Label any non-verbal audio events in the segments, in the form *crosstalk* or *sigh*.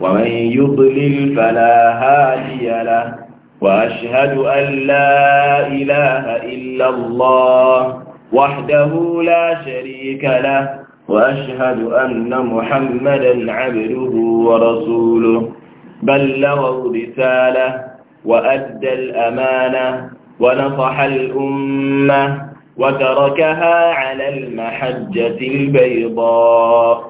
ومن يضلل فلا هادي له وأشهد أن لا إله إلا الله وحده لا شريك له وأشهد أن محمدا عبده ورسوله بلغوا رسالة وأدى الأمانة ونصح الأمة وتركها على المحجة البيضاء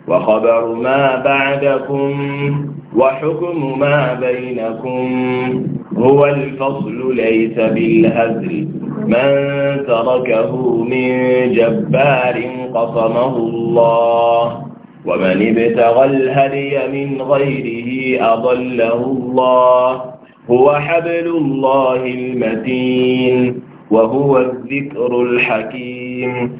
وخبر ما بعدكم وحكم ما بينكم هو الفصل ليس بالهزل من تركه من جبار قصمه الله ومن ابتغى الهدي من غيره أضله الله هو حبل الله المتين وهو الذكر الحكيم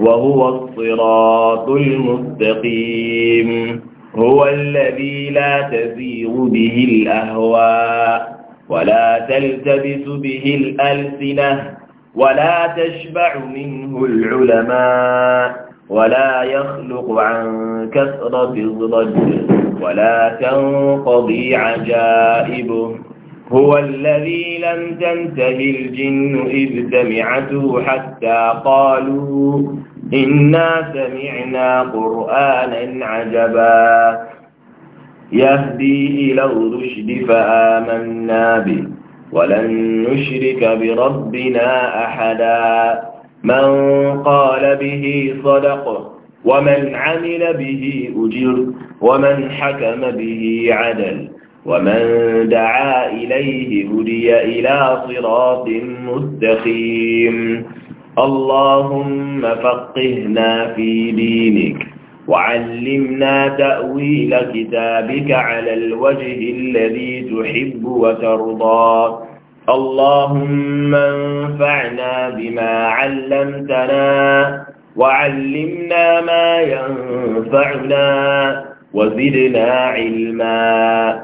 وهو الصراط المستقيم هو الذي لا تزيغ به الأهواء ولا تلتبس به الألسنة ولا تشبع منه العلماء ولا يخلق عن كثرة الضجر ولا تنقضي عجائبه هو الذي لم تنته الجن إذ سمعته حتى قالوا إنا سمعنا قرآنا عجبا يهدي إلى الرشد فآمنا به ولن نشرك بربنا أحدا من قال به صدق ومن عمل به أجر ومن حكم به عدل ومن دعا إليه هدي إلى صراط مستقيم اللهم فقهنا في دينك وعلمنا تأويل كتابك على الوجه الذي تحب وترضى اللهم انفعنا بما علمتنا وعلمنا ما ينفعنا وزدنا علما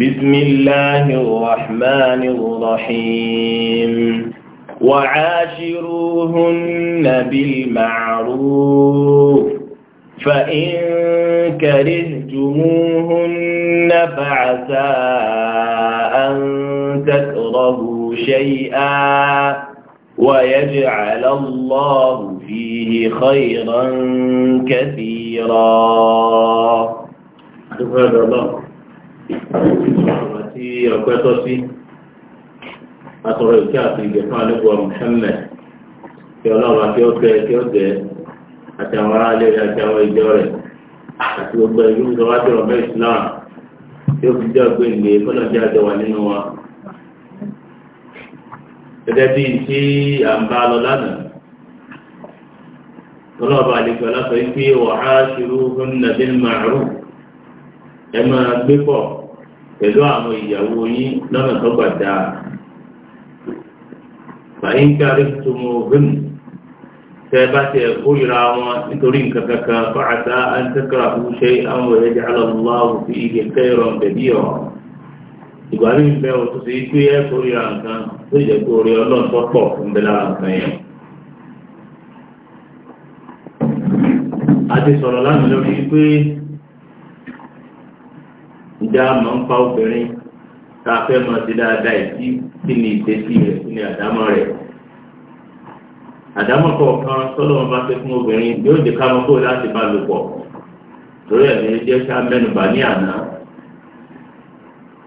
بسم الله الرحمن الرحيم وعاشروهن بالمعروف فإن كرهتموهن فعسى أن تكرهوا شيئا ويجعل الله فيه خيرا كثيرا ọ̀rọ̀ tí ọ̀pẹ́ tọ́ sí asọ̀rọ̀ ìkẹ́ àti ìgbẹ̀fún àlẹ́bùwà Muhammad kí ọlọ́run àti ọ̀tẹ̀ kí ọ̀tẹ̀ àti àwọn ará ilé rẹ̀ àti àwọn ìjọ rẹ̀ àti gbogbo ìlú ìjọwájú ọ̀bẹ Islam tí ó fi jẹ́ ọgbẹ́ ìlé fọlọ́jẹ́ àjọ wà nínú wa. gẹ́gẹ́ bí tí à ń bá lọ lánàá ọlọ́ọ̀bà àlejò aláṣọ yìí pé wàhálà ṣùgbọ́n nàbí màrún ẹ máa gbé pọ̀ pẹ̀lú àwọn ìyàwó yín lọ́nà tó gbàdá fàyínkárí tó mú hìm tẹ bá tẹ kórìíra wọn nítorí nǹkan kankan fàcàtà an tẹkara ṣe àwọn ẹ̀jẹ̀ aláwọ̀ fi ìgbẹ́ kẹrọ bẹ̀bí ọ̀ ìgbà mi bẹ́ẹ̀ tó ṣe é pé ẹ kórìíra nǹkan tó jẹ́ pé orí ọlọ́run tó pọ̀ ń bẹ lára nǹkan yẹn. a ti sọ̀rọ̀ lánàá lórí pé ǹjẹ́ a máa ń pa obìnrin tá a fẹ́ mọ sí dáadáa ìdí kí ni ìtẹ́sí rẹ̀ kí ni àdámọ́ rẹ̀ àdámọ́ kọ̀ọ̀kan tọ́lọ́mọ bá fẹ́ fún obìnrin yóò jẹ́ ká mọ́ kó láti bá lò pọ̀ torí ẹ̀ ní jẹ́ ká mẹ́nubà ní àná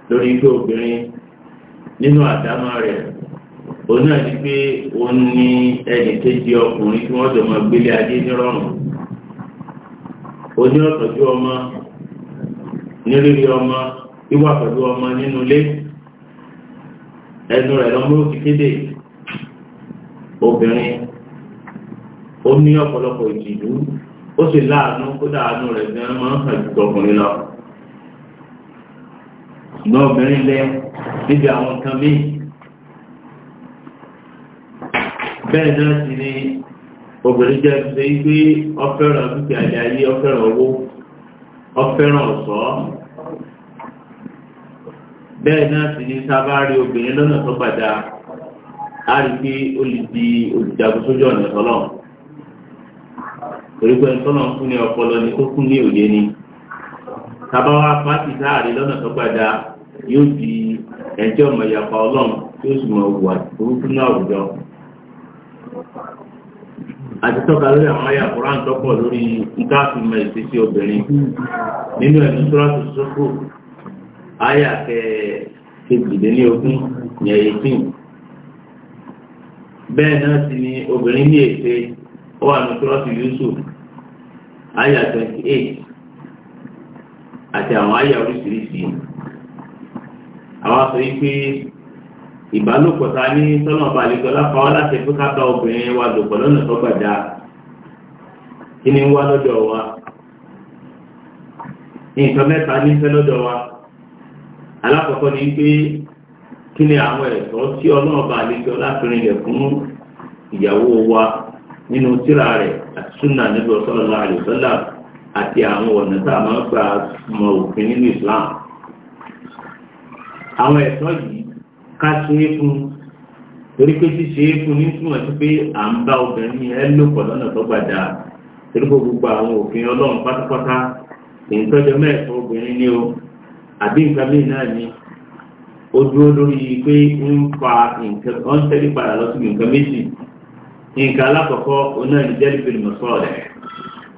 lórí pé obìnrin nínú àdámọ́ rẹ̀ òun náà ni pé òun ní ẹnì kejì ọkùnrin tí wọ́n jọ máa gbélé adé nírọ̀rùn oní ọ̀tọ̀jú ọmọ ní rírí ọmọ wíwà pẹ̀lú ọmọ nínú ilé ẹnu rẹ̀ lọ́mú ó ti kéde obìnrin ó ní ọ̀pọ̀lọpọ̀ ìtìjú ó sì láàánú kódà àánú rẹ̀ gan máa ń hàn jù ọkùnrin lọ ṣùgbọ́n obìnrin lẹ níbi àwọn nǹkan míì bẹ́ẹ̀ náà sì ni obìnrin jẹ́ ṣe pé ó fẹ́ràn dúkìá ayé ó fẹ́ràn owó ọfẹ́ràn ọ̀ṣọ́ bẹ́ẹ̀ náà sì ní sábà obìnrin lọ́nà tó bàjá a rí pé ó lè di olùjagun sójú ọ̀nà tọ́lọ̀ torí pé tọ́lọ̀ fún ní ọpọlọ ni tó fún ní òye ni sábà wá sáàrí lọ́nà tó bàjá yóò di ẹjọ́ mọ̀yàpá ọlọ́run tí ó sì mọ̀ wà burúkú náà àwùjọ. àti tọ́ka lórí àwọn ayé àkùrán tọ́pọ̀ lórí nǹkan àfihàn ìṣesí obìnrin nínú ẹ̀mí sọ́ràtù sọ́kù ayé àkẹ́ kejìlélógún ní ẹ̀yẹ́tìn bẹ́ẹ̀ náà sì ni obìnrin ní ète ó wà ní sọ́ràtù Yusuf ayé twenty eight àti àwọn ayé oríṣiríṣi àwọn sọ yìí pé. ìbálòpọ̀ ta ní sọ́nà balẹ̀kọ́ lápá láti fún obìnrin wa lòpọ̀ lọ́nà tó kini kí ni wá lọ́dọ̀ wa nǹkan mẹ́ta ní fẹ́ wa alákọ̀ọ́kọ́ ni pé kí ni àwọn ẹ̀tọ́ tí ọlọ́run balẹ̀kọ́ láfìrin rẹ̀ wa nínú rẹ̀ àti súnà níbi àti àwọn ọ̀nà tá a máa ká ṣe é fún torí pé ṣíṣe é fún nítumọ̀ sí pé à ń bá obìnrin ẹ lò pọ̀ lọ́nà tó gbàdá torí ni o àbí nǹkan mí náà ni ó dúró lórí pé ń fa nǹkan ó ń tẹ́lẹ̀ padà lọ sí nǹkan méjì nǹkan alákọ̀ọ́kọ́ oná ní mọ̀sọ́ọ̀lẹ̀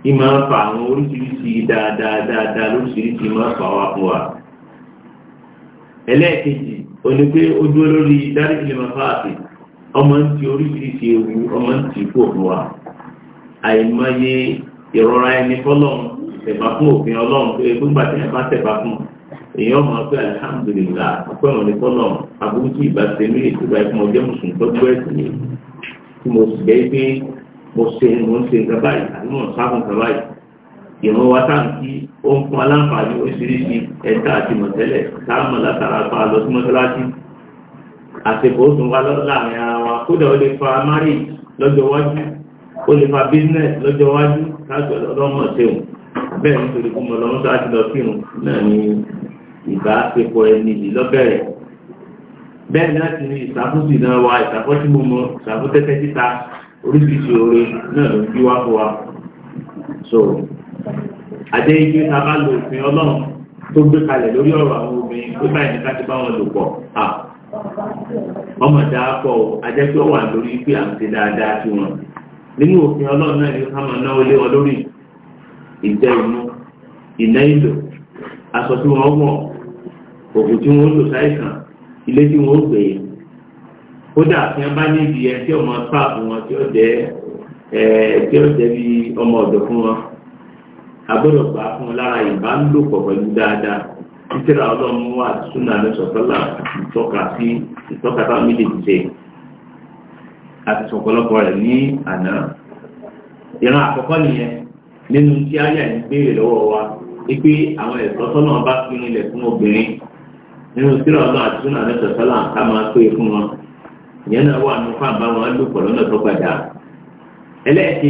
kí máa fa àwọn oríṣiríṣi dáadáa dáadáa lóríṣiríṣi òní pé ó dúró lórí dárí ìlẹ̀mọ̀ fáàtì ọmọ ń ti oríṣiríṣi ewu ọmọ ń ti kú òfin wa àìmọye ìrora ẹni fọlọ́run tẹ̀bá fún òfin ọlọ́run pé gbígbà tí ẹ bá tẹ̀bá fún èèyàn máa pé alihamudulila ọpẹ́ òní fọlọ́run aburú tí ìbá ṣe mí ìtura ẹ̀fọn ọjọ́ mùsùlùmí tó gbọ́ ẹ̀sìn yìí tí mo sì bẹ́ẹ̀ pé mo ṣe mo ń ṣe nǹkan báyìí àbí mo ń sáfún nǹkan báyìí ìran wa tá à ń kí ó ń fún aláǹfààní oríṣiríṣi ẹ̀ka àti mọ̀tẹ́lẹ̀ táàmù látara pa lọ sí mọ́sálásí àsìkò ó tún wá láàrin ara wa kódà ó lè fa mari lọ́jọ́ iwájú ó lè fa business lọ́jọ́ iwájú káàkiri ọlọ́mọ ṣeun bẹ́ẹ̀ nítorí fún mọ́ lọ́mọ́sá ti lọ kírun náà ni ìbáṣepọ̀ ẹni yìí lọ́bẹ̀rẹ̀ bẹ́ẹ̀ ni láti ní ìsàkóso ìdáná wa ìsàkóṣìmọ̀mọ́ ìsàkótẹ́tẹ́ títa oríṣiríṣi oore náà ló so a igi ta bá lo òfin ọlọ́run tó gbé kalẹ̀ lórí ọ̀rọ̀ àwọn obìnrin tó báyìí ní káti bá wọn lò pọ̀ à ọmọ dáa pọ̀ ajẹ́ pé ó wà lórí pé à ń ṣe dáadáa sí wọn nínú òfin ọlọ́run náà ni ká máa náwó lé wọn lórí ìjẹ inú ìná ìlò aṣọ tí wọ́n wọ̀ tí wọ́n lò sáìsàn ilé tí wọ́n gbé kódà tí wọ́n wọn tí ó jẹ́ tí ó jẹ́ bí agbọ́dọ̀ gbà fún lára ìbá ń lò pọ̀ pẹ̀lú dáadáa títírà ọlọ́run wà súnà lọ́sọ̀tọ́là ìtọ́ka sí ìtọ́ka tá méjèèjì ṣe àti sọ̀pọ̀lọpọ̀ rẹ̀ ní àná ìran àkọ́kọ́ nìyẹn nínú tí ayé àyè béèrè lọ́wọ́ wa wípé àwọn ẹ̀tọ́ tọ́nà bá fi rinlẹ̀ fún obìnrin nínú tírà ọlọ́run àti súnà lọ́sọ̀tọ́là ká máa pé e fún wọn ìyẹn náà wà lò pọ̀ lọ́nà tó padà ẹlẹ́ẹ̀kejì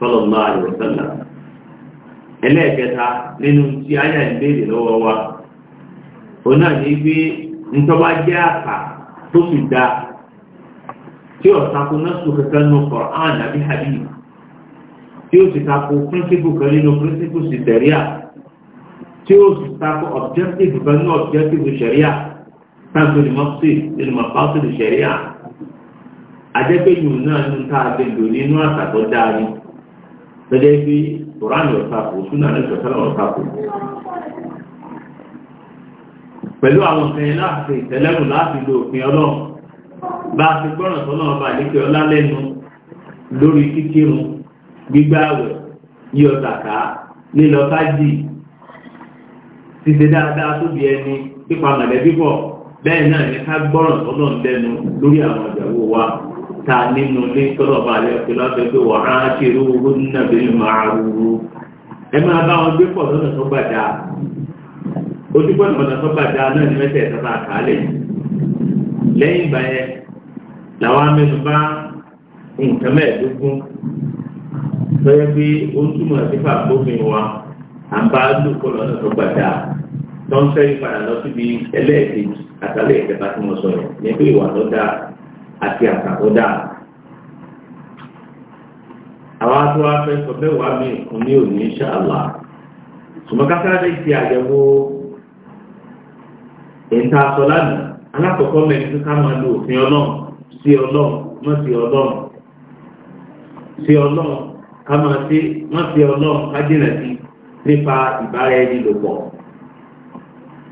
sallallahu alaihi wasallam ẹlẹ́ẹ̀kẹta nínú tí ayé ìbéèrè lọ́wọ́ wa òun náà ní pé ntọ́ba jẹ́ àpà tó sì da tí ọ̀sàkó náà sọ kẹkẹ nù Qur'an àbí hadith tí ó sì takò píríncípù kan nínú píríncípù sì tẹ̀ríà tí ó sì takò objective kan nínú objective sẹ̀ríà táàkì ní mọ́tì nínú mọ́tì sẹ̀ríà àjẹ́pẹ́yìn náà ń ta àbẹ̀lò nínú àtàkọ́ dáa ni. gẹ́gẹ́ bí Kùránì ọ̀tàkù súnà lẹ́sọ̀ sẹ́lẹ̀ pẹ̀lú àwọn ọ̀sẹ̀ láti ìtẹ́lẹ́rù láti lo òfin bá a ti gbọ́ràn tọ́nà ọba àdékè ọlá lẹ́nu lórí kíkírun gbígbààwẹ̀ lílọ dáadáa ẹni pípa mọ̀lẹ́bí pọ̀ bẹ́ẹ̀ náà ní ká lẹ́nu lórí àwọn wa ta nínú ilé tọ́lọ̀ bá yẹ pé lọ́sẹ̀ pé wọ́n á ṣe irú owó nínú ìbílẹ̀ máa rúru ẹ máa bá wọn gbé pọ̀ lọ́nà tó gbàdá ojúbọ̀ lọ́nà tó gbàdá náà ní mẹ́tẹ̀ẹ̀ tó bá kálẹ̀ lẹ́yìn ìgbà yẹn làwọn amẹnu bá nǹkan mẹ́ẹ̀ẹ́dógún tó yẹ pé ó ń túmọ̀ bófin wa à ń bá lọ́nà tó tó ń fẹ́ àti àtàkọ́dà. Àwọn tó wá fẹ́ sọ mẹ́wàá mi kún ní òní ṣàlá. Sùmọ́kásáré ti àyẹ̀wò ìta sọ lánàá. Alákọ̀ọ́kọ́ mẹ́rin tó ká máa lo òfin ọlọ́run sí ọlọ́run mọ́ sí ọlọ́run. Sí ọlọ́run ká máa sí mọ́ sí ọlọ́run ká jìnà sí nípa ìbára ẹni lòpọ̀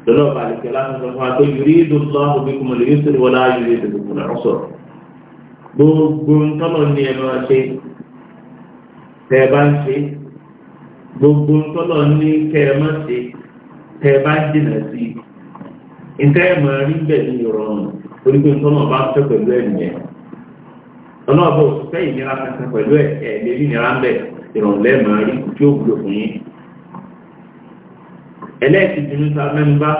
lọ́nà ọba àlèkè láti sọ fún wa pé yìí rí lọ́wọ́ àbíkú mọ̀lẹ́ yóò tẹ̀lé wọlé ayé rẹ̀ tẹ̀lé fún ọ̀sọ̀ gbogbo ntọ́nà ní ẹ máa ṣe tẹ́ ẹ bá ń ṣe gbogbo ntọ́nà ní kẹ́ ẹ má ṣe tẹ́ ẹ bá ń dènà sí i ntẹ́ ẹ máa rí bẹ́ẹ̀ ní ìrọ̀rùn torí pé ntọ́nà bá ń fẹ́ pẹ̀lú ẹ̀ nìyẹn lọ́nà ọba òṣìṣẹ́ ìnira kankan tí ó wúlò fún yín ẹlẹ́ẹ̀kejì ní sá mẹ́mbá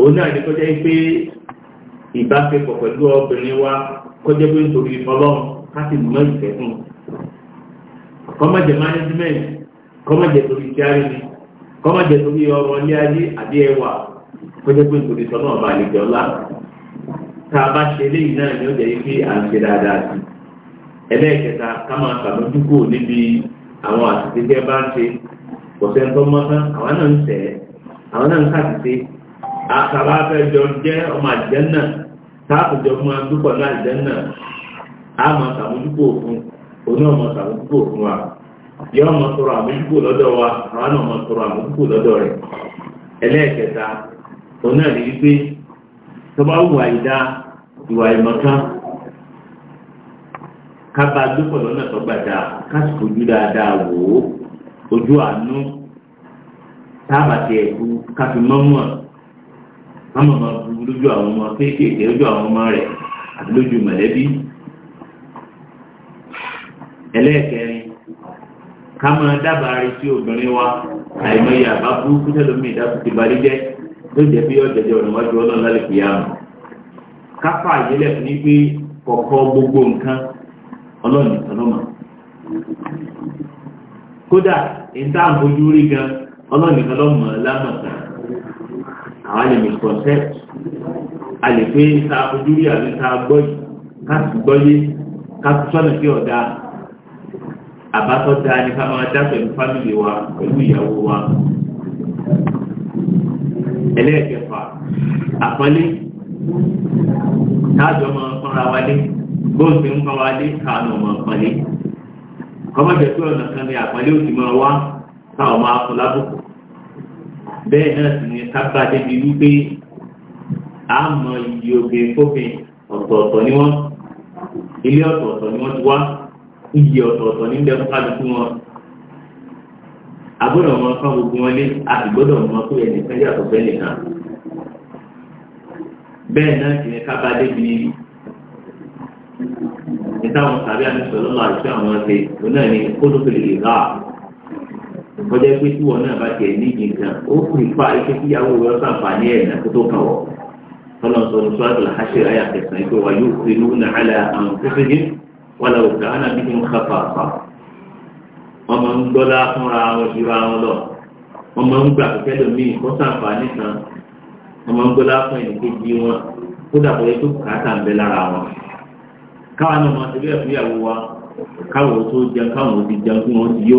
òun náà ní kọjá pé ìbáṣepọ̀ pẹ̀lú obìnrin wa kọjá pé nítorí ọlọ́run ká sì mọ ìfẹ́ fún un kọ́mọ̀jẹ̀ management kọ́mọ̀jẹ̀ torí kíárì ni kọ́mọ̀jẹ̀ torí ọrọ̀ ilé ayé àbí ẹwà kọjá pé nítorí sọ́nà ọba àlejò ọlá tá a bá ṣe eléyìí náà ni ó jẹ́ pé à ń ṣe dáadáa sí ẹlẹ́ẹ̀kẹta ká máa ṣàmójúkò níbi àwọn àtìsíkẹ́ bá ń ṣe kọ̀sẹ́ńtọ́mọ́tán àwọn náà ń sẹ́ẹ̀ àwọn náà ń sàtìsí àkàrà afẹ́jọ jẹ́ ọmọ àjẹ́nà táàkùjọ fún adúpọ̀ náà àjẹ́nà àmọ́ sàmójúkò òfin oní ọmọ sàmójúkò òfin wa yọ ọmọ àmójúkò lọ́dọ̀ wa àwọn ọmọ sọ̀rọ̀ àmójúkò lọ́dọ̀ rẹ̀ ẹlẹ́ẹ̀kẹta òun náà wípé tó bá wù ìwà ká bá lọ́nà tó gbàdá ká sì dáadáa wò ó ojú àánú tábàtì ẹ̀kú káfí mọ́mọ́ mọ́mọ́ lójú àwọn ọmọ kéékèèké lójú àwọn ọmọ rẹ̀ àti lójú mọ̀lẹ́bí ẹlẹ́ẹ̀kẹrin ká máa dábàá rí sí obìnrin wa àìmọye àbá burúkú tẹ́lẹ̀ mi ìdáàbò ti balẹ̀ jẹ́ ló jẹ́ bí ọ̀jẹ̀jẹ̀ ọ̀nà wájú ọlọ́run lálẹ́ pè á mọ̀ ká fà gbogbo nǹkan ọlọ́run nìkan kódà ìta àbójú rí gan-an ọlọ́ọ̀nì kan lọ́mọ lámọ̀tà àwọn lè mi kọ̀ọ̀tẹ́ a lè pé ta ojú rí àbí ta gbọ́ yìí ká sì gbọ́ yé ká sì sọ́nà sí ọ̀dà àbátọ́ da ni ká máa dá pẹ̀lú fámìlì wa pẹ̀lú ìyàwó wa ẹlẹ́ẹ̀kẹfà àpọ́nlé táàjọ máa pọ́nra wálé gbóòsì ń pọ́n wálé káàánú máa pọ́nlé kọ́mọ̀jẹ̀ pé ọ̀nà kan ni àpọ́nlé ò sì máa wá táwọn máa fún lábùkù bẹ́ẹ̀ náà sì ni kápá débi wípé a mọ iye òkè fófin ọ̀tọ̀ọ̀tọ̀ ni wọ́n ilé ọ̀tọ̀ọ̀tọ̀ ni wọ́n ti wá iye ọ̀tọ̀ọ̀tọ̀ ní bẹ́ẹ̀ fún kálukú wọn a gbọ́dọ̀ mọ fún gbogbo wọn lé a sì gbọ́dọ̀ mọ pé ẹnìkan yàtọ̀ fẹ́ nìkan bẹ́ẹ̀ náà sì ni kápá débi ìtàwọn tàbí àmì sọ̀rọ̀ lọ́wọ́ àti àwọn ọ̀sẹ̀ òun náà ni kólókèlè kọjá pé tí wọn náà bá tiẹ̀ ní nǹkan ó fi fa ike tí ìyàwó rẹ̀ sàǹfààní ẹ̀ náà kó tó kàn wọ̀ tọ́lọ̀ sọ̀rọ̀ sọ́dọ̀ làhásẹ̀ ayà kẹsàn-án pé wà yóò fi lóun náà hàlẹ́ àwọn fífíjì wọn làwọn òkè àwọn àbí wọn kà fàáfà wọn ń gbọ́lá fúnra wọn ìra wọn lọ wọn ń gbà kẹ́lẹ́ míì kó sàǹfààní kan wọn ń gbọ́lá fún ẹnìkejì wọn kó dàbọ̀ yẹ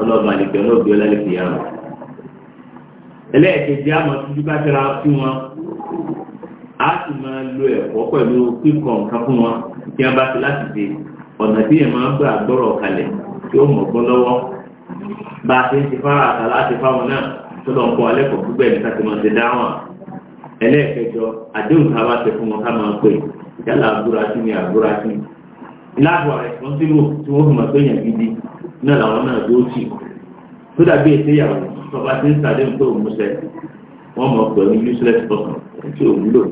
ọlọ́ba àlejò ọlọ́bì ọlọ́lẹ́kì yá wọn. ẹlẹ́ẹ̀kejì àmọ́ tí bíbá tẹ́ra sí wọn a sì máa lo ẹ̀kọ́ pẹ̀lú kíkọ nǹkan fún wọn tí wọ́n bá ti láti dé ọ̀nà tí yẹn máa ń gbà gbọ́rọ̀ kalẹ̀ tí ó mọ̀ gbọ́n lọ́wọ́ bá a ti ń ti fara àtà láti fáwọn náà tó lọ kọ́ alẹ́kọ̀ọ́ gbígbẹ́ ní káti máa ti dáhùn ẹlẹ́ẹ̀kẹjọ àdéhùn ká bá ti fún wọn ká máa pè yálà àbúrásí ni àbúrásí láàbọ̀ rẹ̀ wọ́n sílò tí wọ́n fi máa gbẹ̀yàn gidi náà làwọn náà yóò tì tó dàbí ètè ìyàwó tọba tí ń sàdé nǹkan òmùsẹ wọn mọ pẹ̀lú useless person tí ò wúlò.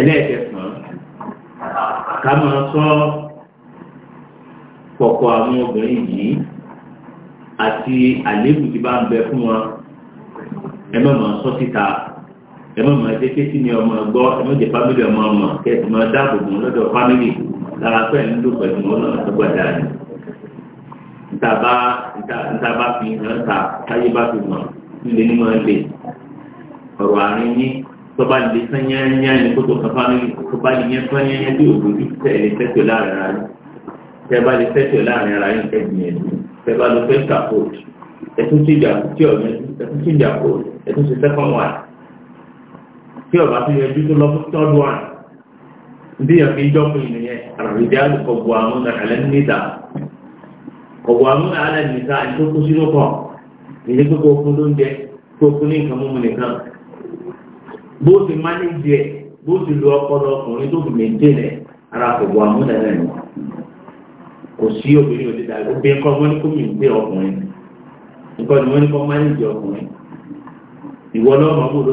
ẹlẹ́ẹ̀kẹsàn-án ká máa sọ kọ̀kọ̀ àwọn obìnrin yìí àti àléébù tí bá ń bẹ fún wọn ẹ má máa sọ síta ẹ má máa jẹ́ kétí ni ọmọ gbọ́ ẹ má jẹ́ fámìlì ọmọ ọmọ kẹ́ẹ̀tì máa dáàbò bò lọ́dọ̀ fámìlì lára pẹ́ ń lò pẹ̀lú ọlọ́run tó gbàdá ni ntaba ntaba fi hàn ta táyé bá fi mọ̀ nílé ní máa lè ọ̀rọ̀ àárín yín tọ́ba lè sán yányá ní kótó kan fámìlì tọ́ba lè yẹn fán yányá bí òbòjú tẹ̀ lè tẹ́tọ̀ láàrin ara yín tẹ́ba lè tẹ́tọ̀ láàrin ara yín ẹ̀gbìn ẹ̀dùn tẹ́ba lè fẹ́ sàpòtù ẹ̀tún tí ìjà tí ẹ̀tún tí ìjà kò ẹ̀tún ṣe sẹ́kọ̀n wà tí ọ̀bá fi yẹn dúró lọ́dún ndí yàn fi jọ́ pin nìyẹn àrùjálù kọ̀bù àwọn nàkàlẹ́ níta kọ̀bù àwọn nàkàlẹ́ níta ètò kó sínú kọ̀ ìdí pé kó fún lóúnjẹ kó fún ní nǹkan mímu nìkan bó ti má ní jẹ bó ti lu ọpọlọ ọkùnrin tó fi méje rẹ ara kọ̀bù àwọn nàkàlẹ́ nù kò sí obìnrin òde dàgbé obìnrin kọ́ wọ́n ní kó mi ń gbé ọkùnrin nǹkan ni wọ́n ní kó má ní jẹ ọkùnrin bó ló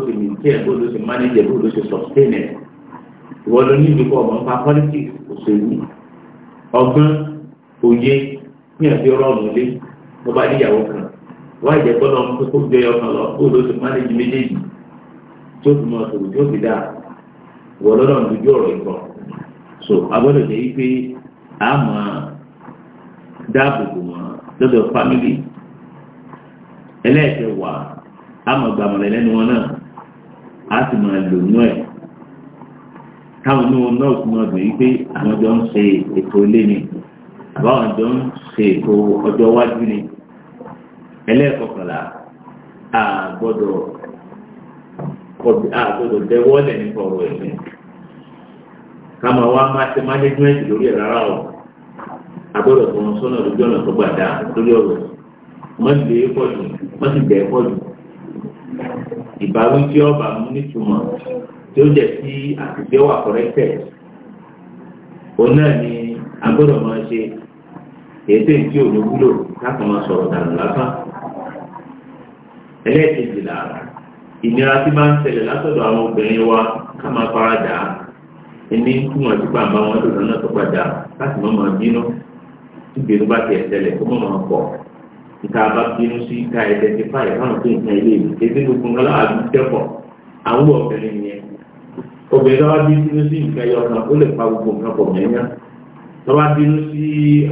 ti méje bó ló ti má bó ló ti sọ̀ ìwọ ló ní ìdíkọ ọmọ nípa politics òṣèlú ọgbọ́n òye ní ẹbí ọlọ́run ilé mo bá níyàwó kan wá ìjẹ gbọ́dọ̀ ọmọ kókó jẹ ọkàn lọ kó ló ti mánéjì méjèèjì tí ó fi mọ sòrò tí ó fi dáa ìwọ lọ́dọ̀ ń dojú ọ̀rọ̀ ìkọ so agbọ́dọ̀ jẹ́ wípé a máa dáàbò bò wọn lọ́dọ̀ family ẹlẹ́ẹ̀kẹ́ wà á mọ̀ gbàmọ̀lẹ́ lẹ́nu wọn náà á sì máa lò nú ẹ̀ káwọn inú náà tún náà dùn yí pé àwọn jọ ń ṣe ètò ilé ni àbáwọn jọ ń ṣe ètò ọjọ́ iwájú ni ẹlẹ́ẹ̀kọkànlá àgbọ́dọ̀ àgbọ́dọ̀ dẹwọ́lẹ̀ nípa ọ̀rọ̀ ẹ̀sìn káma wá máa ṣe mánéjìmẹ́ntì lórí ẹ̀ rárá o àgbọ́dọ̀ tó ń sọ́nà lójú ọ̀nà tó gbàdá lórí ọ̀rọ̀ wọ́n ti lè e pọ̀ jù wọ́n ti bẹ̀ẹ́ pọ̀ jù ìbáwí tí ọba mú nítumọ̀ tí ó jẹ́ sí àtijọ́ wà corrected òun náà ni a gbọ́dọ̀ máa ṣe ètò ìdí òní wúlò láti máa sọ̀rọ̀ dànù lásán ẹlẹ́ẹ̀kejìlá ìnira tí máa ń ṣẹlẹ̀ látọ̀dọ̀ àwọn obìnrin wa ká máa fara dà á ẹni túmọ̀ sí pàǹbá wọn lòdì náà tó padà láti má máa bínú tí bínú bá tiẹ̀ ṣẹlẹ̀ kó máa pọ̀ níta bá bínú sí ká tó ń ilé tẹ́kọ̀ọ́ àwọn obìnrin yẹn obìnrin náà bí sínú sí nǹkan ẹyọ kan ó lè pa gbogbo nǹkan pọ̀ mẹ́yán tó bá bínú sí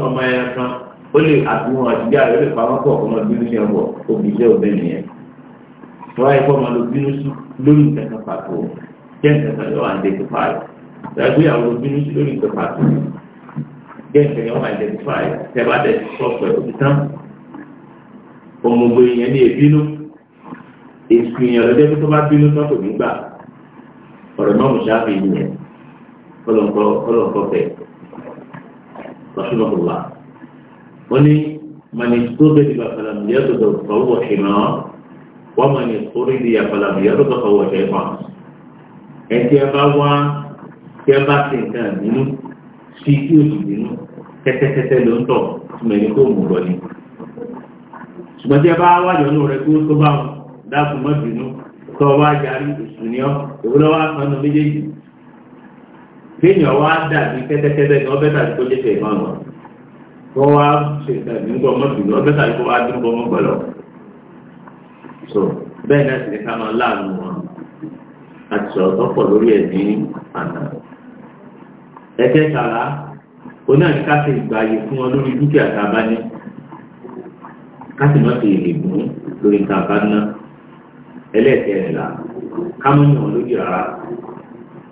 ọmọ ẹyọ kan ó lè àtúnwọ̀n àtijọ́ rẹ̀ ó lè pa wọ́n pọ̀ ọmọ bínú sí ọmọ obìnrin obìnrin yẹn tó bá yẹ kó ọmọ ló bínú sí lórí nǹkan kan pàtó jẹ́ nǹkan kan yọ àìdẹ́tìfáì ìgbéyàwó ló bínú sí lórí nǹkan pàtó jẹ́ nǹkan yọ àìdẹ́tìfáì tẹ́ bá dẹ̀ sọ̀pẹ̀ òbí tán ọmọ obìnrin yẹn ọ̀rọ̀ náà mo ṣáà fi yìí yẹn kọlọ̀ǹkọ bẹ̀ lọ́sùnmọ̀kùnlá ó ní mani tó bẹ́ẹ̀ dìbò àfàlàmìyà tó dọ̀ fọwọ́ ṣìnà wọ́n mani tó rí di àfàlàmìyà tó dọ̀ fọwọ́ ṣẹ́fà ẹ̀ tí ẹ bá wá tí ẹ bá ti nǹkan nínú sí kí o sì nínú tẹ́tẹ́tẹ́tẹ́ ló ń tọ̀ túmọ̀ ẹni kó mú lọ ni ṣùgbọ́n tí ẹ bá wájọ ní ní ọ́ ìwúlọ́wọ́ àtọ́nù méjèèjì kéèyàn wá dàbí kẹ́tẹ́kẹ́tẹ́ ní ọbẹ̀ tàbí kó lè fẹ̀ mọ́ ọ̀nà kó wá ṣe ìtàbí ń gbọ́ mọ́tò ọbẹ̀ tàbí kó wá dún bọ́ mọ́gbọ̀lọ́ so bẹ́ẹ̀ náà sì ní ká máa láàánú wọn àti sọ̀rọ̀ tó pọ̀ lórí ẹ̀ ní àná ẹ̀kẹ́ tààrà oní àti ká ṣe ìgbàyè fún wọn lórí dúkìá tá a bá ní ká sì má ṣe ìrìbùn lórí tá a bá ná ẹlẹ́ẹ̀kẹ́ rẹ̀ làá kámúyàn lójú rárá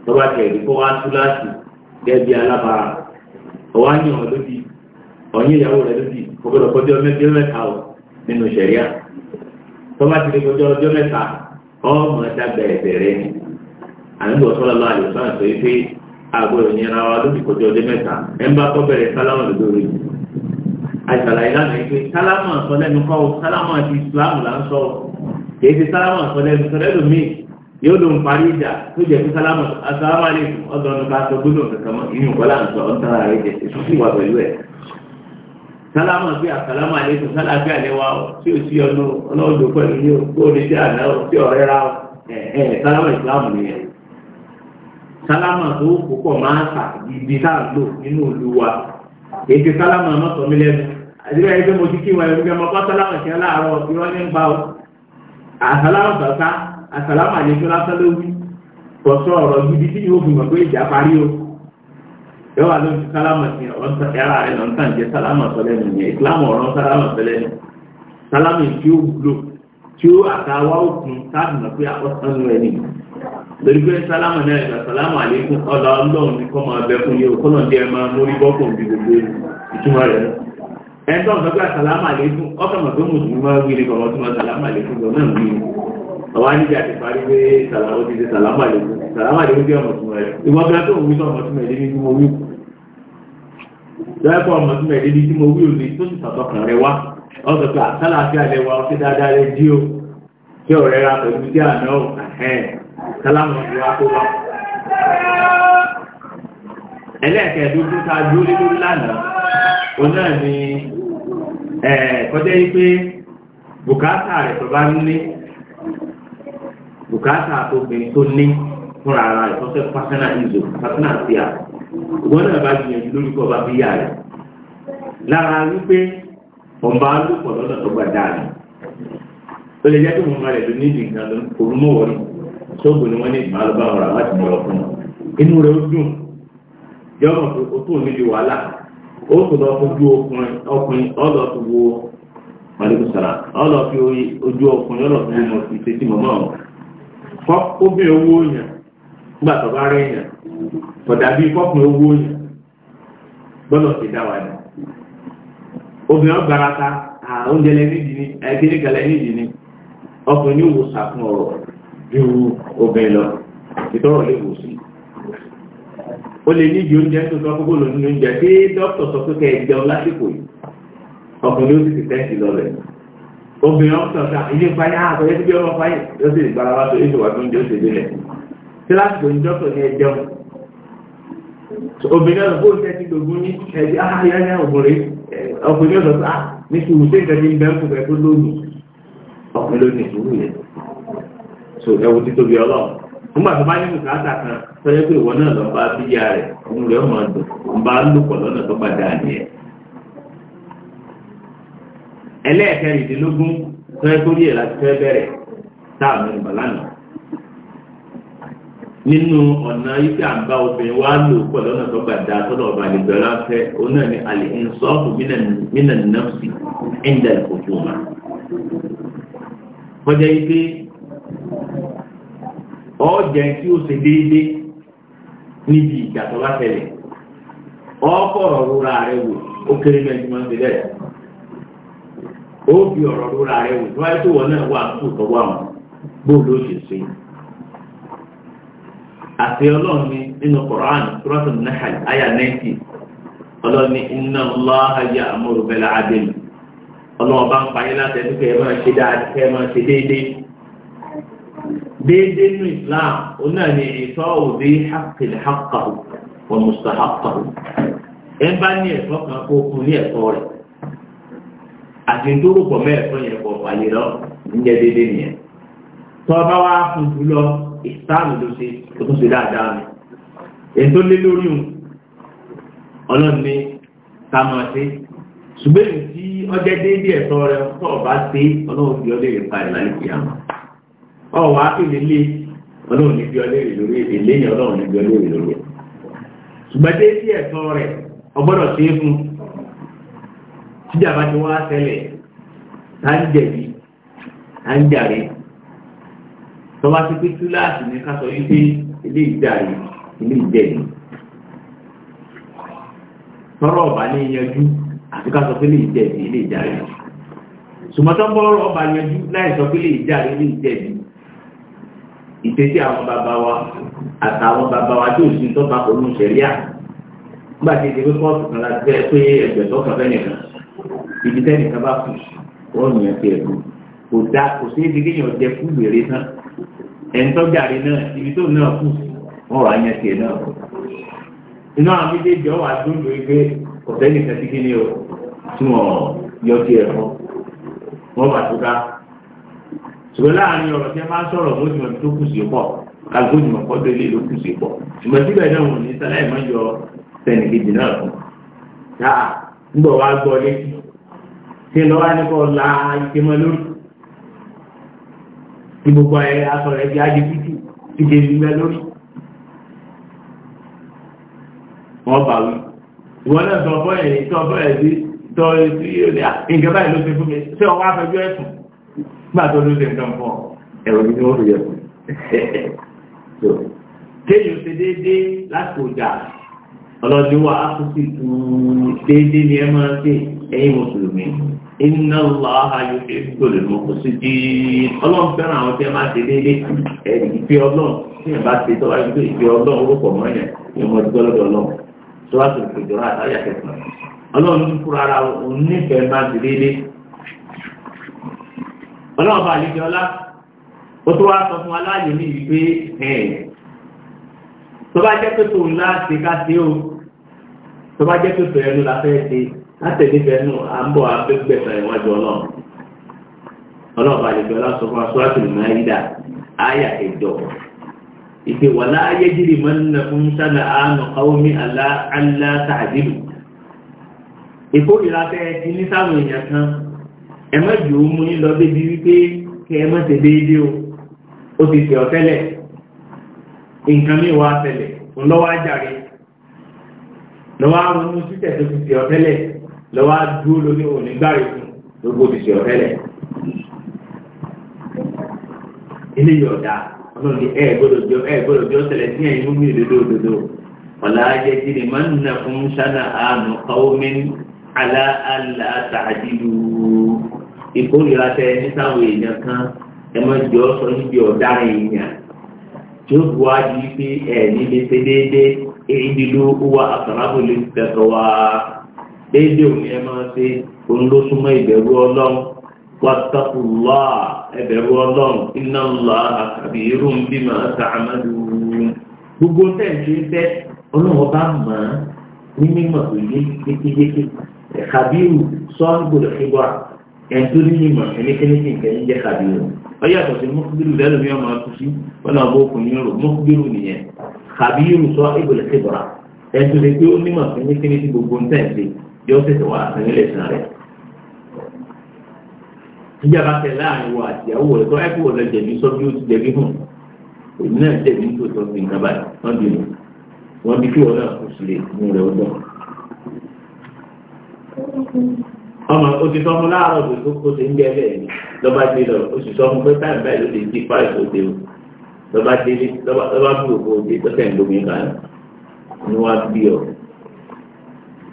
tọ́ba tẹ̀ ẹ̀dí kó wá tú láti gẹ́gẹ́ bí alábàárà ọwá yàn lójú ọ̀yìn ìyàwó rẹ̀ lójú ọgbọ́dọ̀ kọjá ọjọ́ mẹ́ta ọ̀ nínú ṣẹ̀ríà tọ́ba ti lè kọjá ọjọ́ mẹ́ta ọmọ ẹ̀dá bẹ̀rẹ̀ bẹ̀rẹ̀ ni àníbọ̀ sọ́lá lọ àyè sọ́nà sọ pé àgbọ̀dọ̀ yẹn ra wa lójú kọjá ọjọ́ mẹ́ta ẹ̀ ń bá kọ́ bẹ̀rẹ̀ sálámà lódòrò yìí àṣàlà ìlànà ìpè sálámà sọ lẹ́nu kọ́ sálámà ti ìsìlámù là ń sọ kì í ti yóò ló ń parí ìjà tó jẹ́ pé sálámù asálámù àlejò ọgbọ̀n ká sọ gbọ́dọ̀ kankan mọ́ inú kọ́lá ń sọ ọ́n tara rẹ̀ jẹ èso sì wà pẹ̀lú ẹ̀ sálámù àbí àsálámù àlejò sálábí àlẹwà ọ tí o sí ọdún ọlọ́ọ̀dún pẹ̀lú yóò kó o lè jẹ́ àná ọ tí ọ̀rẹ́ ra ọ ẹ̀ ẹ̀ sálámù ìsìlámù nìyẹn sálámù tó púpọ̀ máa ń sàdìdì tá à ń lò nínú ìlú wa èdè sálámù àmọ́ sọ mí lẹ́nu àdìrẹ́ ẹgbẹ́ mo ti kí wọn ẹgbẹ́ mọ́ pátálámù ìṣẹ́ láàárọ̀ ìrọ́lẹ́ ń gbà ọ àsàlámà ní tó lásán ló wí pọ̀sọ́ ndị gidi tí yóò fi mọ̀ pé ìjà parí o fi sálámà sí ẹ̀rà rẹ̀ lọ́n tàn jẹ́ sálámà sọ lẹ́nu yẹn ìsìlámù ọ̀rọ̀ sálámà sọ lẹ́nu sálámà tí ó wúlò tí ó àtàwá òkun táàbù mọ̀ pé àkọ́sánú ẹni lórí pé sálámà náà sálámà àlékún ọ̀dà ọlọ́run ní kọ́ máa bẹ fún máa mórí bọ́kùn gbogbo ìtumọ̀ rẹ̀ ẹ̀ńtọ́ ọ̀sán àlékún ọwọ́ níbi àti parí pé sàlámù ti ṣe sàlámù àlékú sàlámù àlékú jẹ́ ọmọ túnmọ̀ rẹ̀ ìwọ bí a tó ń wí sọ ọmọ túnmọ̀ ẹ̀dẹ́ ní tí mo wí lọ́ẹ̀kọ́ ọmọ túnmọ̀ ẹ̀dẹ́ ní tí mo wí òní tó sì sọ̀tọ̀ kan rẹ wá ọ̀sọ̀ pé àtàlà àti àlẹ́ wa ọtí dáadáa rẹ dí o tí ọ̀rẹ́ bukata tó obìnrin tó ní fúnra ara rẹ̀ tó fẹ́ pátánà ìzò pátánà sí à ìwọ náà bá gbìyànjú lórí kọ́ bá bíyà rẹ̀ lára wípé ọ̀nba lùpọ̀ lọ́nà tó ó lè kí ní ìdí nǹkan ni ní ìgbà láti fún inú ó dùn o tó níbi wàhálà ó tó lọ kọ́kùnrin owó yẹn gbàtọ̀ bá rí yẹn ọ̀dàbí kọ́kùnrin owó yẹn gbọ́dọ̀ ti dá wa yẹn obìnrin ọgbàrata oúnjẹ lẹ́ni ìdí ẹgbẹ́ni kan lẹ́ni ìdí ọkùnrin ní ìwòsàn fún ọ̀rọ̀ ju obìnrin lọ ìtọ́rọ̀ lè wò sí ó lè ní ìdí oúnjẹ tó oúnjẹ tí dókítà sọ pé kẹ́ ẹ jẹun lásìkò yìí ọkùnrin ó sì ti obìnrin ọ̀sán ọ̀sán ilé ìpáyà àkọ́yẹ́ sí bí ọmọ fáyẹ̀ yóò sì gbára wá tó ètò wà tó ń jẹ́ òṣèlú rẹ̀ tí láti tó ń dọ́tọ̀ ní ẹjẹun obìnrin ọ̀sán fóònù tẹ́tí gbogbo ní ẹ̀dí ahayá ní ọ̀gbọ̀nrẹ́ ọkùnrin ọ̀sán sá ah, ní sùúrù sí ìtẹ́jú ń bẹ́ẹ̀ fúnfẹ́ tó lónìí ọkùnrin ló ní yẹn so ẹwù ti tóbi ọlọ́run nígbà tó bá ní bùkátà kan tọ́jú pé ẹlẹ́ẹ̀kẹrìndínlógún tó ẹ́ torí ẹ̀ láti fẹ́ bẹ̀rẹ̀ táà mẹ́rin bà lánàá nínú ọ̀nà ife àbá obìnrin wa lò pọ̀ lọ́nà tó gbàdá tọ́lọ̀ ọba àlejò aláfẹ́ òun náà ni àlè ń sọ ọ́pù mínà nọ́ọ̀sì ẹ̀ńdà ìkòkò mà. kọjá ife ọ̀ọ́jà tí ó ṣe déédé níbi ìjà tó bá tẹ̀lé ọ̀ọ́kọ̀ ọ̀rọ̀ rúra rẹ̀ wò ó kéré mẹ́rin tí ń ṣe bẹ́ẹ̀ ó fi ọ̀rọ̀ rúra rẹ̀ wò níwájú tó wọn náà wà kó tó wà wọn bóòlù ó ṣe ṣe. àti ọlọ́run ní nínú Qur'an Suratul Nahl àyà 90 ọlọ́run ní inna Allaha ya'muru bil 'adli ọlọ́run bá ń pa yín láti ẹni kẹ́ máa ṣe dáadáa kẹ́ máa ṣe déédéé. déédéé nínú Islam ó náà ní ìtọ́ òde haqqil haqqahu wa mustahaqqahu ẹ bá ní ẹ̀tọ́ kan kó kún ní ẹ̀tọ́ rẹ̀ àti nítorí pọ̀ mẹ́rẹ̀ yẹn pọ̀ wáyé lọ nìyẹn tọ́ bá wá fún jù lọ ìsáàmù ló ṣe ó tún ṣe dáadáa mi ètò lé lórí òun rẹ tọ́ ṣe ọlọ́run fi pa ẹ̀ fi lé ọlọ́run ní fi lórí ọlọ́run ṣùgbọ́n déédéé ẹ̀tọ́ rẹ ọgbọ́dọ̀ ṣe é tíjàmbá ti wá ṣẹlẹ̀ à ń jẹ̀bi à ń jàre tọ́ba ti pé túláàsì ní ká sọ wípé ilé ìjàre ilé ìjẹ̀bi tọ́rọ̀ ọ̀bà ní yanjú àti ká sọ pé ilé ìjẹ̀bi ilé ìjàre sùmọ́tọ́ bọ́rọ̀ ọba yanjú láì sọ pé ilé ìjàre ilé ìjẹ̀bi ìtẹ́tí àwọn bàbá wa àtàwọn bàbá wa tí òsì tó bá kọ́ ní ìṣẹ̀lẹ̀ à nígbà kan láti fẹ́ pé ẹgbẹ̀tọ́ kan fẹ́ nìkan ibi tẹ́lẹ̀ kan bá kù wọ́n yàn ti ẹ̀kú kò dá kò sí ibi kéèyàn jẹ fún wèrè náà ẹ̀ńtọ́jàre náà ibi tó náà kù wọ́n wà á yàn tiẹ̀ náà inú àwọn méjèèjì ọ̀wà dúndùn igbe ọ̀sẹ̀ nìkan ti kí ni o tí wọ́n yọ tiẹ̀ fún wọ́n bá tó ká ṣùgbọ́n láàrin ọ̀rọ̀ tí a máa ń sọ̀rọ̀ mọ́jùmọ̀ tó kù sí pọ̀ kágbójùmọ̀ kọ́dọ̀ ilé ló kù sí pọ̀ ṣùgbọ́n síbẹ̀ náà wọn sáláì máa yọ sẹ́nìkejì náà fún yáà ń bọ̀ wá gbọ́ létí tí lọ wá nípa ọ̀la ìkémọ́ lórí tí gbogbo ẹ̀ aṣọ rẹ̀ di ájú títì tí kè ní mẹ́ lórí wọ́n bà wí ìwọ́n náà sọ fọ́ ẹ̀ tó fọ́ ẹ̀ sí tọ́ sí nǹkan báyìí ló ṣe fún mi ṣé ọwọ́ afẹ́jọ́ ẹ̀sùn nígbà tó ló ṣe nǹkan fọ́ á kú sí ìtú déédéé ni ẹ máa ń ṣe mùsùlùmí iná láha yóò fi gbòlè mọ́ kó sí di ọlọ́run fẹ́ràn àwọn tí ẹ máa ṣe déédé ẹ̀rí ìfẹ́ ọlọ́run tí ẹ bá ṣe tó wáyé pé ìfẹ́ ọlọ́run orúkọ mọ́ yẹn ni ọmọ ìgbọ́ lọ́dọ̀ ọlọ́run tó wá sọ̀rọ̀ ìjọra àtàyà kẹfà ọlọ́run ní fúra ara òun nífẹ̀ẹ́ máa ṣe déédé. ọlọ́run bá àlejò ọlá ó tó wá sọ fún wa láàyè ní ibi tó bá jẹ́ pé tòun láti ká ṣe o tó bá jẹ́ pé tòun ẹnu la fẹ́ ṣe látẹ̀lébẹ̀ nù àbọ̀ abẹ́gbẹ̀sán ìwájú ọlọ́run ọlọ́ọ̀bà àdìgbẹ́ ọlọ́sọ fún aṣọ́àtì nàìjíríà àyà ẹ̀jọ̀ ìpè wà láàyè jírí mọ́nà fún sábà àánú káwọ́mí aláàtàdìlù ìkórìíra fẹ́ ti ní sáwọn èèyàn kan ẹ má jù ú mú yín lọ débi wípé kí ẹ má ṣe déédéé o ó ti tẹ̀ ọ́ tẹ́lẹ̀ nǹkan mi wá tẹ̀lẹ̀ ńlọ́wọ́ ajáre lọ́wọ́ àwọn ohun tó ti tẹ̀ ọ́ tẹ́lẹ̀ lọ́wọ́ dúró lórí òní gbáre fún gbogbo òṣìṣẹ́ ọ̀tẹ́lẹ̀. ilé yọ̀ọ̀dà ọlọ́run ní ẹ̀ gbọ́dọ̀ jọ ẹ̀ gbọ́dọ̀ jọ tẹ̀lẹ̀ sí ẹ̀yin múmi òdodo òdodo ọ̀la ayé ti ní máa ń nà fún sánà àánú kọ́wọ́mí alá àlá tàdílù ìkórìíra tẹ ní sáwọn èèyàn kan ẹ máa jọ sọ níbi ọ̀daràn èèyàn tí ó bu wájú pé ẹ̀ déédéé èyí dìlú wà àkàràbọ̀lẹ̀ tẹ̀sọ̀ wá déédé òní ẹ máa ṣe òun ló súnmọ́ ìbẹ̀rù ọlọ́run wàtàkùlá ẹbẹ̀rù ọlọ́run iná ńlá àkàbí irú ń bí máa ta àmàlù gbogbo tẹ̀sí ń tẹ́ ọlọ́run ọba mọ̀ ọ́n ní mímọ̀ tó yé yékéyéké kàbírù sọ́ọ́nù gbọdọ̀ ṣígbà ẹ̀ńtó ní mímọ̀ ẹnikẹ́ni kì í kẹ́yìn jẹ́ kàbírù ọyá àtọ̀sí mọ́kúbírù lẹ́nu mi ọmọ ọtún sí wọn àbọ̀ ọkùnrin rò mọ́kúbírù nìyẹn kàbírù sọ́ọ́nù gbọdọ̀ ṣígbà ẹ̀ńtó ní pé ó mímọ̀ ẹnikẹ́ni ti gbogbo ń tẹ̀sí yóò tètè wá àtúnyẹ lè san rẹ̀. Ìjọba tẹ láàrin wo àtìyàwó rẹ̀ tó ẹ̀kú rẹ̀ jẹ̀bi sọ bí ó ti jẹ̀bi hàn. Èmi náà jẹ̀bi tó sọ fi nǹkan báyìí wọ́n bí mi. Wọ́n bí kí wọ́n náà kò sílẹ̀ mú rẹ̀ ọgbọ́n. Ọmọ òtítọ́ mu láàárọ̀ tó tó kó ṣe ń jẹ́ bẹ́ẹ̀ ni lọ́ba dé lọ oṣù sọ fún pé táyà báyìí ló lè di fáì tó dé o. Lọ́ba dé lọ́ba bí òkú òde tó tẹ̀ ń lómi kan ni wọ́n á bí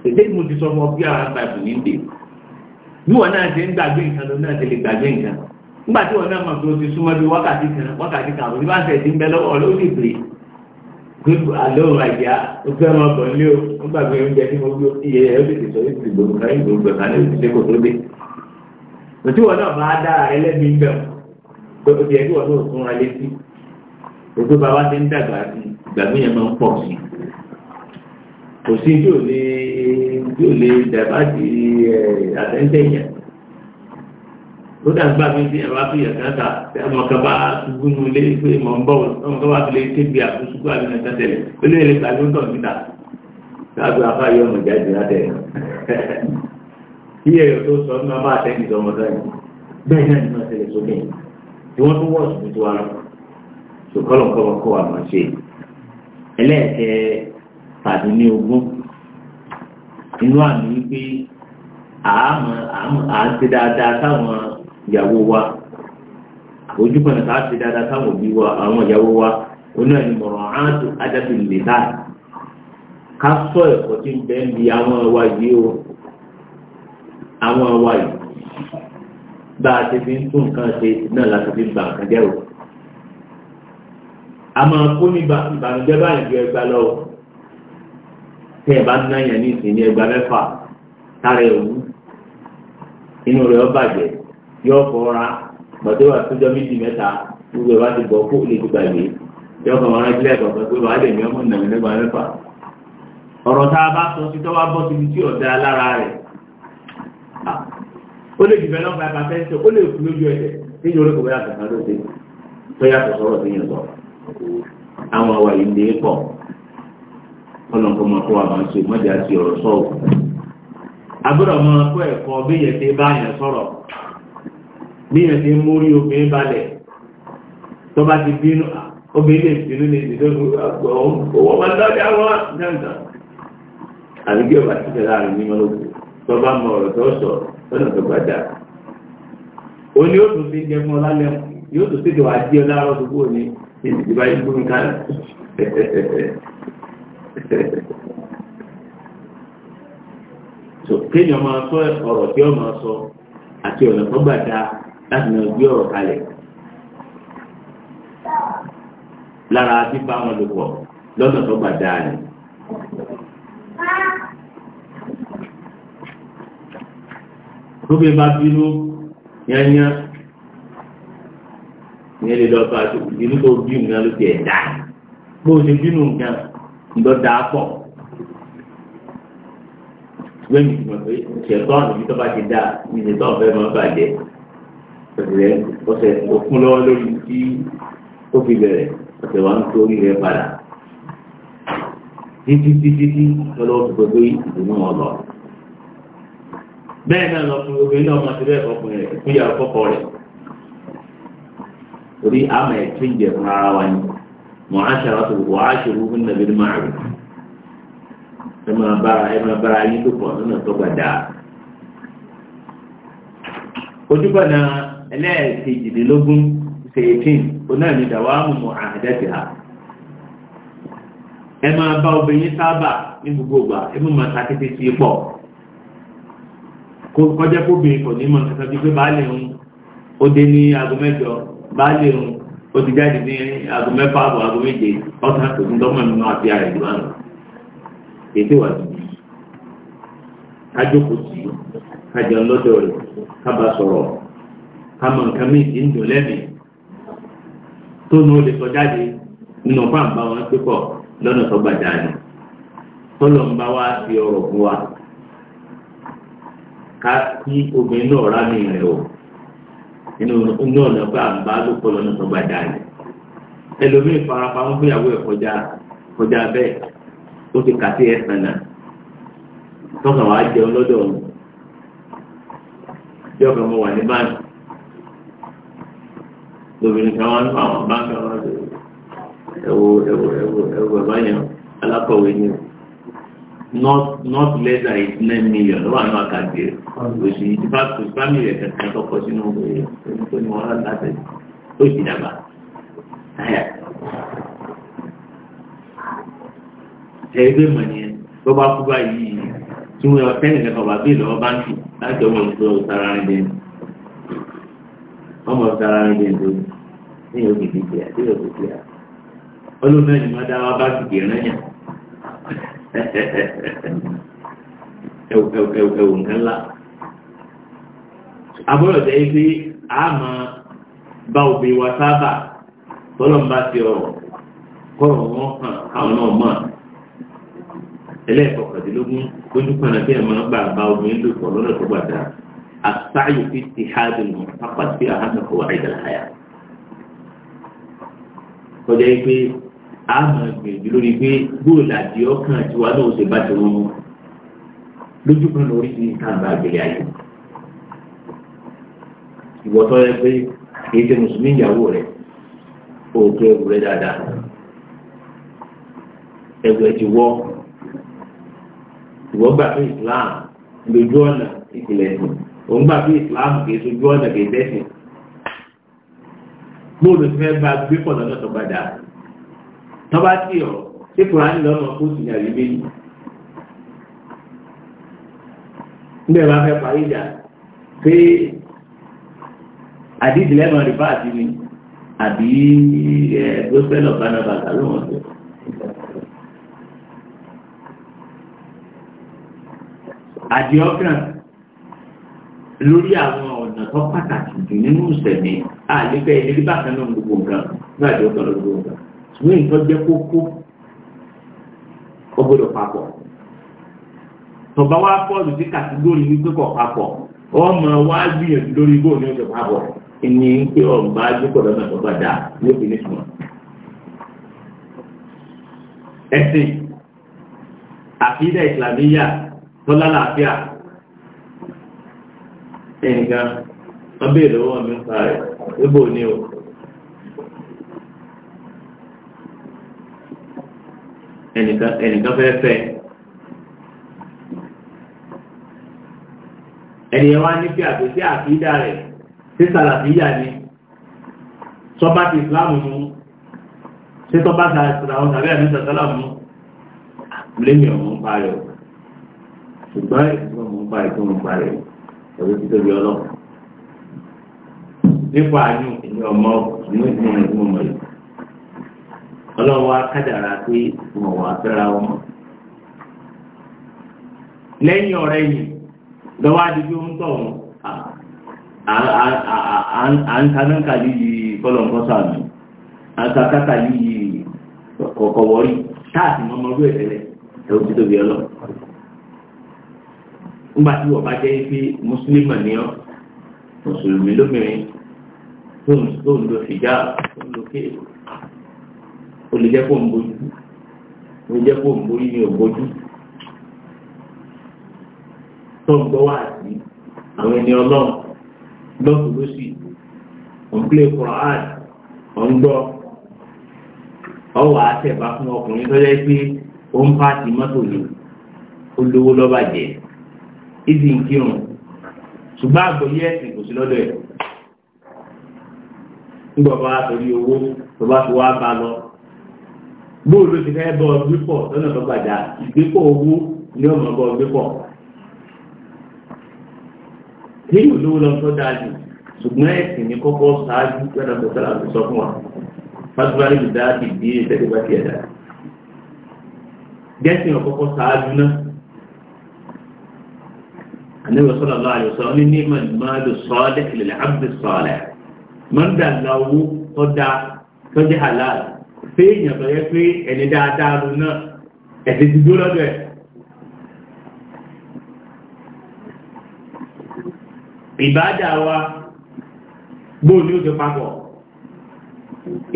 èdè mo ti sọ ọmọ bí àwọn bàbá mi ń dè bí wọn náà ṣe ń gbàgbé nǹkan lọ náà ṣe lè gbàgbé nǹkan nígbà tí wọn náà mọ̀ pé o ti súnmọ́ bí wákàtí kan wákàtí kan àbòsí bá ń tẹ̀sí ń bẹ lọ́wọ́ ló sì pè pé àlọ́ àjà ó fẹ́ ọmọ ọkọ̀ nílé o ó gbàgbé oúnjẹ tí mo gbé iye ẹ̀ ó sọ ó ti gbòòrò kan yóò gbòòrò kan yóò ti ṣe kò dé òtí wọn náà bá dára ẹlẹ́bi ń bẹ̀ pé ẹ̀ kí wọn náà fún wa sí kò tí ò lè dàbá di àtẹ́ńtẹ́ yẹn ó dàgbà mi bí ẹ̀rọ àfi yẹn káta tí a mọ̀ kaba ṣubú nu lé pé mọ̀ ń bọ̀ ọmọ kaba fi lè tẹ́bi àkóṣubú àbí nàìjíríà tẹ̀lé ó lè lè gbàgbé tọ̀ níta káàbí afá yọ ọmọ jáde látẹ̀ kí ẹ̀yọ̀ tó sọ ní ọba àtẹ́kì sọmọ sọ́yìn bẹ́ẹ̀ náà ni wọ́n ṣẹlẹ̀ sókè tí wọ́n tún wọ́ọ̀sì tó wa lọ ṣòkọ́lọ̀ kọ́ wa kọ́ wa mọ̀ ṣe ẹlẹ́ẹ̀kẹ́ pàdé ní ogún inú àmì wípé àmọ́ àmọ́ à ń ṣe dáadáa sáwọn ìyàwó wa ojúkọ̀nà ká ṣe dáadáa sáwọn òbí wa àwọn ìyàwó wa oní ẹ̀nìmọ̀ràn áàtò ajáde lè dá ká sọ ẹ̀kọ́ tí ń bẹ ń bi àwọn ẹwà yìí o àwọn ẹwà yìí bá a ti fi ń tún nǹkan ṣe náà láti fi gbà nǹkan jẹ́ o a kó ní ìbànújẹ́ báyìí ju ẹgbàá lọ́wọ́. tẹ́ ẹ̀ bá ń náyàn ní ìsìn ní ẹgbàá mẹ́fà tára ewu inú rẹ̀ ọba bàjẹ́ yọ fọ́ra gbàdúrà tójọ́ méjì mẹ́ta gbogbo ìwà ti bọ̀ kó lè yọ pé wàá lè ní ọmọ mẹ́fà ọ̀rọ̀ tá a bá sọ sí tọ́wá bọ́ síbi tí ọ̀dà lára rẹ̀ ó lè jùlọ lọ́gbà ó lè lójú kọlọ̀kọ́ máa kó àwọn ṣe mọ́jà àti ọ̀rọ̀ sọ́ọ̀ agbọ́dọ̀ máa kọ́ ẹ̀kọ́ bíyẹn ti bá yẹn sọ̀rọ̀ bíyẹn ti mórí obìnrin balẹ̀ tó bá ti bínú obìnrin lè bínú lè dìde owó máa lọ́dẹ̀ àwọn jẹ́ǹdà àbí kí ọba títẹ̀ láàrin ní mọ́lógún tó bá mọ ọ̀rọ̀ tó sọ lọ́nà tó gbàjà ó ní ó tún ti ń lálẹ́ yóò tún ti wà á jí ọ láàárọ̀ gbogbo ní ìdìbò ayé gbómi kálẹ̀ *laughs* so kéèyàn máa sọ ọ̀rọ̀ tí ó máa sọ àti ọ̀nà tó gbà dáa láti máa gbé ọ̀rọ̀ kalẹ̀ lára bíbá wọn lò pọ̀ lọ́nà tó gbà dáa ni. tóbi bá bínú yányá ìyẹn lè lọ bá bínú tó bínú náà ló ti ẹ̀ dáa bó o ṣe bínú nǹkan ńlọ dáa pọ̀ ṣùgbọ́n mi ti mọ̀ pé ṣẹ̀tọ́ àwọn ibi tó bá ti dáa mi ti tọ́ ọ̀fẹ́ máa bàjẹ́ ọ̀sẹ̀ ọ̀sẹ̀ òkun lọ́wọ́ lórí tí ó fi bẹ̀rẹ̀ ọ̀sẹ̀ wa ń torí rẹ̀ padà títí títí tí ọlọ́wọ́ fi gbogbo ìdùnnú wọn lọ. bẹ́ẹ̀ náà lọkùnrin obìnrin náà máa ti bẹ́ẹ̀ ọkùnrin rẹ̀ fún ìyá ọkọ̀ rẹ̀ torí àmọ̀ ẹ̀ tó jẹ fún ara wa ni. معاشرة وعاشروهن بالمعروف كما برا كما برا يدكم أن تبدا ojúbọ̀nà ẹlẹ́ẹ̀kejìdínlógún sèéfín onáàmì dàwámù mọ̀ àhàdẹ́sì ha ẹ máa bá obìnrin sábà ní gbogbo ìgbà ẹ mú màá takété sí ó ti jáde ní aago mẹ́fà àbọ̀ aago méje ọ̀sán tó ń dọ́mọ̀ nínú àti ààrẹ ìlú àná ètò wà sí kájókòó sí kájọ lọ́dọ̀ rẹ̀ kábà sọ̀rọ̀ kámọ nǹkan méjì ń dùn lẹ́mìí tó nu ó lè sọ jáde nínú pàǹbá wọn pípọ̀ lọ́nà tó gbàjà ni tọ́lọ̀ ń bá wá fi ọ̀rọ̀ fún wa ká kí obìnrin náà rá mi rẹ̀ o inú inú ọ̀nà pé àǹbá ló kọ́ lọ́nà tó gbàdá rẹ̀ ẹlòmíì farapa ń gbéyàwó ẹ̀ kọjá kọjá bẹ́ẹ̀ ó ti kà sí ẹ̀sán náà tọ́ka wàá jẹun lọ́dọ̀ ọ̀hún bí ọkàn mo wà ní báńkì lóbìnrin kan wá ń fa àwọn báńkì àwọn ẹ̀wọ̀ ẹ̀wọ̀ ẹ̀wọ̀ ẹ̀wọ̀ ẹ̀bá yẹn alákọ̀wé ni o. not not less than nine million lọ́wọ́ àná àkàdé ẹ̀ òsì ìfà family rẹ̀ kẹ̀kẹ́ tọkọ sínú ẹ̀kọ́ ni wọ́n láti ó sì dàgbà ẹgbẹ́ mọ̀ ni tó bá kú báyìí tí wọ́n yọ tẹ́lẹ̀ kẹfà bá bí lọ́wọ́ báńkì láti ọmọ ìṣòro ọ̀sára rẹ̀ dẹ̀ ọmọ ọ̀sára rẹ̀ dẹ̀ tó ní ìyókè ìyókè ẹ̀wù nǹkan ńlá abọ́rọ̀ jẹ́ pé a máa bá òbí wa sábà tọ́lọ́mbà ti ọ̀rọ̀ kọ́rọ̀ wọn hàn káwọn náà mọ̀ ẹlẹ́ẹ̀kọ̀kọ̀dínlógún lójú kan náà bí ẹ̀mọ́ gbà bá obìnrin lò pọ̀ lọ́nà tó gbàdá àtàyò fi a máa gbìyànjú lórí pé bóòlù àti ọkàn tiwa náà ṣe bá ti wọn lójú kan lórí ti kàǹbà àgbèrè ayé ìwọ́tọ́ yẹ pé kìí ṣe mùsùlùmí ìyàwó rẹ̀ òkè ẹrù ti ìwọ́ gbà pé Islam lójú ọ̀nà ìpìlẹ̀ ẹ̀sìn òun gbà pé Islam kìí ṣojú ọ̀nà kìí bóòlù ti fẹ́ tó bá sí ọ̀ sí kùránì lọ́nà kó sì yàrí méjì níbẹ̀ bá fẹ́ parí ìjà pé àdídì lẹ́nu rìbá àti mi àbí gospel of anabata ló wọ́n sọ. àdìọ́kàn lórí àwọn ọ̀nà tó pàtàkì jù nínú ìsẹ̀mí àlébẹ̀ ilé bákan náà gbogbo nǹkan nígbà tí ó tọ̀rọ̀ gbogbo nǹkan ṣùgbọ́n nǹkan jẹ́ kókó ó gbọ́dọ̀ papọ̀ tọba wa fọ́ọ̀lù sí kàtígórì wípé kọ̀ papọ̀ ọmọ wa gbìyànjú lórí bóun ní oṣù papọ̀ ìní pé ọ̀nba gbẹ́kọ̀ lọ́nà tó gbàdá yóò fi nítumọ̀ ẹ̀sìn àfíìdá ìsìlámíyà tọ́lá làáfíà ẹnìkan wọ́n béèrè lọ́wọ́ mi ń pa rẹ̀ níbo ni o. ẹnìkan fẹ́ fẹ́ ẹni ẹ wá ní bí àgbèsí àkídà rẹ̀ sí sàlàfíyà ni sọba ti ìsìláàmù mú sí sọba ta ìsìláàmù tàbí àmì sàsálàmù mú lẹ́mí ọ̀hún parí ọ̀ ṣùgbọ́n ìsìnkú ọ̀hún parí tó ń parí ọ̀dọ́ ti tóbi ọlọ́pàá nípa àyùn ìní ọmọ ìní ìsinmi ìsinmi mọ̀ yìí ọlọ́run wa kádàrà pé wọn wà fẹ́ra wọn. lẹ́yìn ọ̀rẹ́ yìí lọ́wọ́ adigun ń tọ̀ wọn à ń taná kàlí yìí kọ́lọ̀ǹkọ́ sàmì àtàkà kàlí yìí kọ̀kọ̀ wọ́rí táàtì mọ́mọ́ ọdún ẹ̀tẹ́lẹ̀ ẹ̀rọ ti tóbi ọlọ́ nígbà tí wọ́n bá jẹ́ pé mùsùlùmí ni ọ́ mùsùlùmí lómìnirin tó ń lo fìjà tó ń lo kéèkó o lè jẹ́ kó ń bójú o lè jẹ́ kó ń borí ní òbójú tó ń gbọ́ wá sí àwọn ẹni ọlọ́run lọ́kù ló sì òǹkílẹ̀ Quran ọ̀ǹgbọ́ ọwọ́ àtẹ̀bá fún ọkùnrin tó yẹ pé ó ń pààtì mọ́tò ní olówó lọ́ba jẹ́ ìdí nkírun ṣùgbọ́n àgbọ́yé ẹ̀sìn kò sí lọ́dọ̀ ẹ̀ nígbà bá torí owó tó bá ti wá bá lọ bóòlù ti fẹ́ bọ́ gbípọ̀ lọ́nà tó gbàjà ìgbépọ̀ owó ni ọmọ bọ́ gbípọ̀ tí yóò lówó lọ tó dájú ṣùgbọ́n ẹ̀sìn ní kọ́kọ́ ṣáájú lọ́nà tó sára tó sọ fún wa fásitì lè dá ti bí ìtẹ́tẹ́ bá ti ẹ̀dá gẹ́sìn ọ̀kọ́kọ́ ṣáájú náà àníwọ̀ sọ́lá lọ́wọ́ àyọ̀sọ́ ní ní mọ̀lẹ́mọ́lù sọ́ọ́dẹ̀ ìlẹ̀lẹ̀ àbúrò sọ́ọ́lẹ̀ mọ́ndà lọ́wọ́ tó dá tó halal pé èèyàn tó yẹ pé ẹni dáadáa ló náà ẹ̀sìn ti dúró lọ́dọ̀ ẹ̀ ìbádà wa bóò ní ó ti papọ̀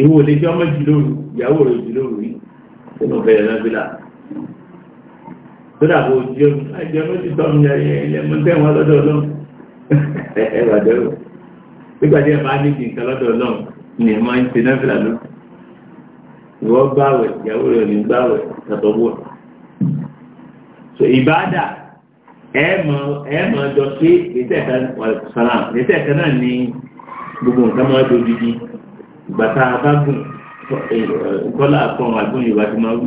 ìwò lè jẹ́ ọmọ ìjìlóòrù ìyàwó rẹ̀ ìjìlóòrù yìí tó lọ bẹ̀rẹ̀ lọ́gbìlà tó dàbò jẹ́ ẹjẹ́ ló ti tọ́nu ilẹ̀ mú tẹ́wọ̀n lọ́dọ̀ ọlọ́run *laughs* ẹ̀ẹ́dẹ̀rù nígbàdí ẹ̀ bá ní kí nǹkan lọ́dọ̀ ọlọ́run ni ẹ̀ máa ń ṣe náà fìlà lókè ìwọ gbàwẹ̀ ìyàwó rẹ̀ ní gbàwẹ̀ tàtọwọ so ìbáàdà ẹẹmọ ẹẹmọ jọ sí ìtẹ̀ka salam ìtẹ̀ka náà ní gbogbo nǹkan máa do didi gbàtà abágùn kọlá kan àgbọn yorùbá ti máa wù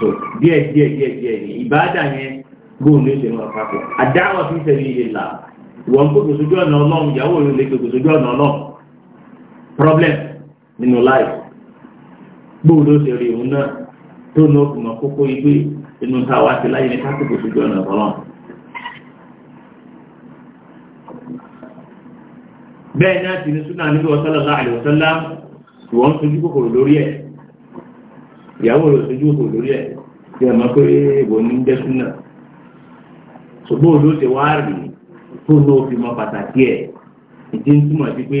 so díẹ̀ díẹ̀ díẹ̀ díẹ̀ ní ìbáàdà yẹn gbóhùn ló ṣe máa papọ̀ àdáwọ̀ fi sẹ́yìn ilé là wọ́n kó kòsójú ọ̀nà ọlọ́run ìyàwó rẹ̀ lè kòsójú ọ̀nà ọlọ́run problem nínú life gbóòdó ṣe rí òun náà tó ní òkùnmọ̀ kókó igbé inú ta wá sí láyé ní kásìkò ṣojú ọ̀nà ọ̀rọ̀ bẹ́ẹ̀ náà sì ní súnà níbi ọ̀sálàlá àlèwọ̀sálá ìwọ̀n sojú kòkòrò lórí ẹ̀ ìyàwó rẹ̀ sojú kòkòrò lórí ẹ̀ tí a máa pé ìwọ̀n ní jẹ́ súnà ṣùgbọ́n òdó wá rí tó ní òfin mọ pàtàkì ẹ̀ ìdí ń túmọ̀ sí pé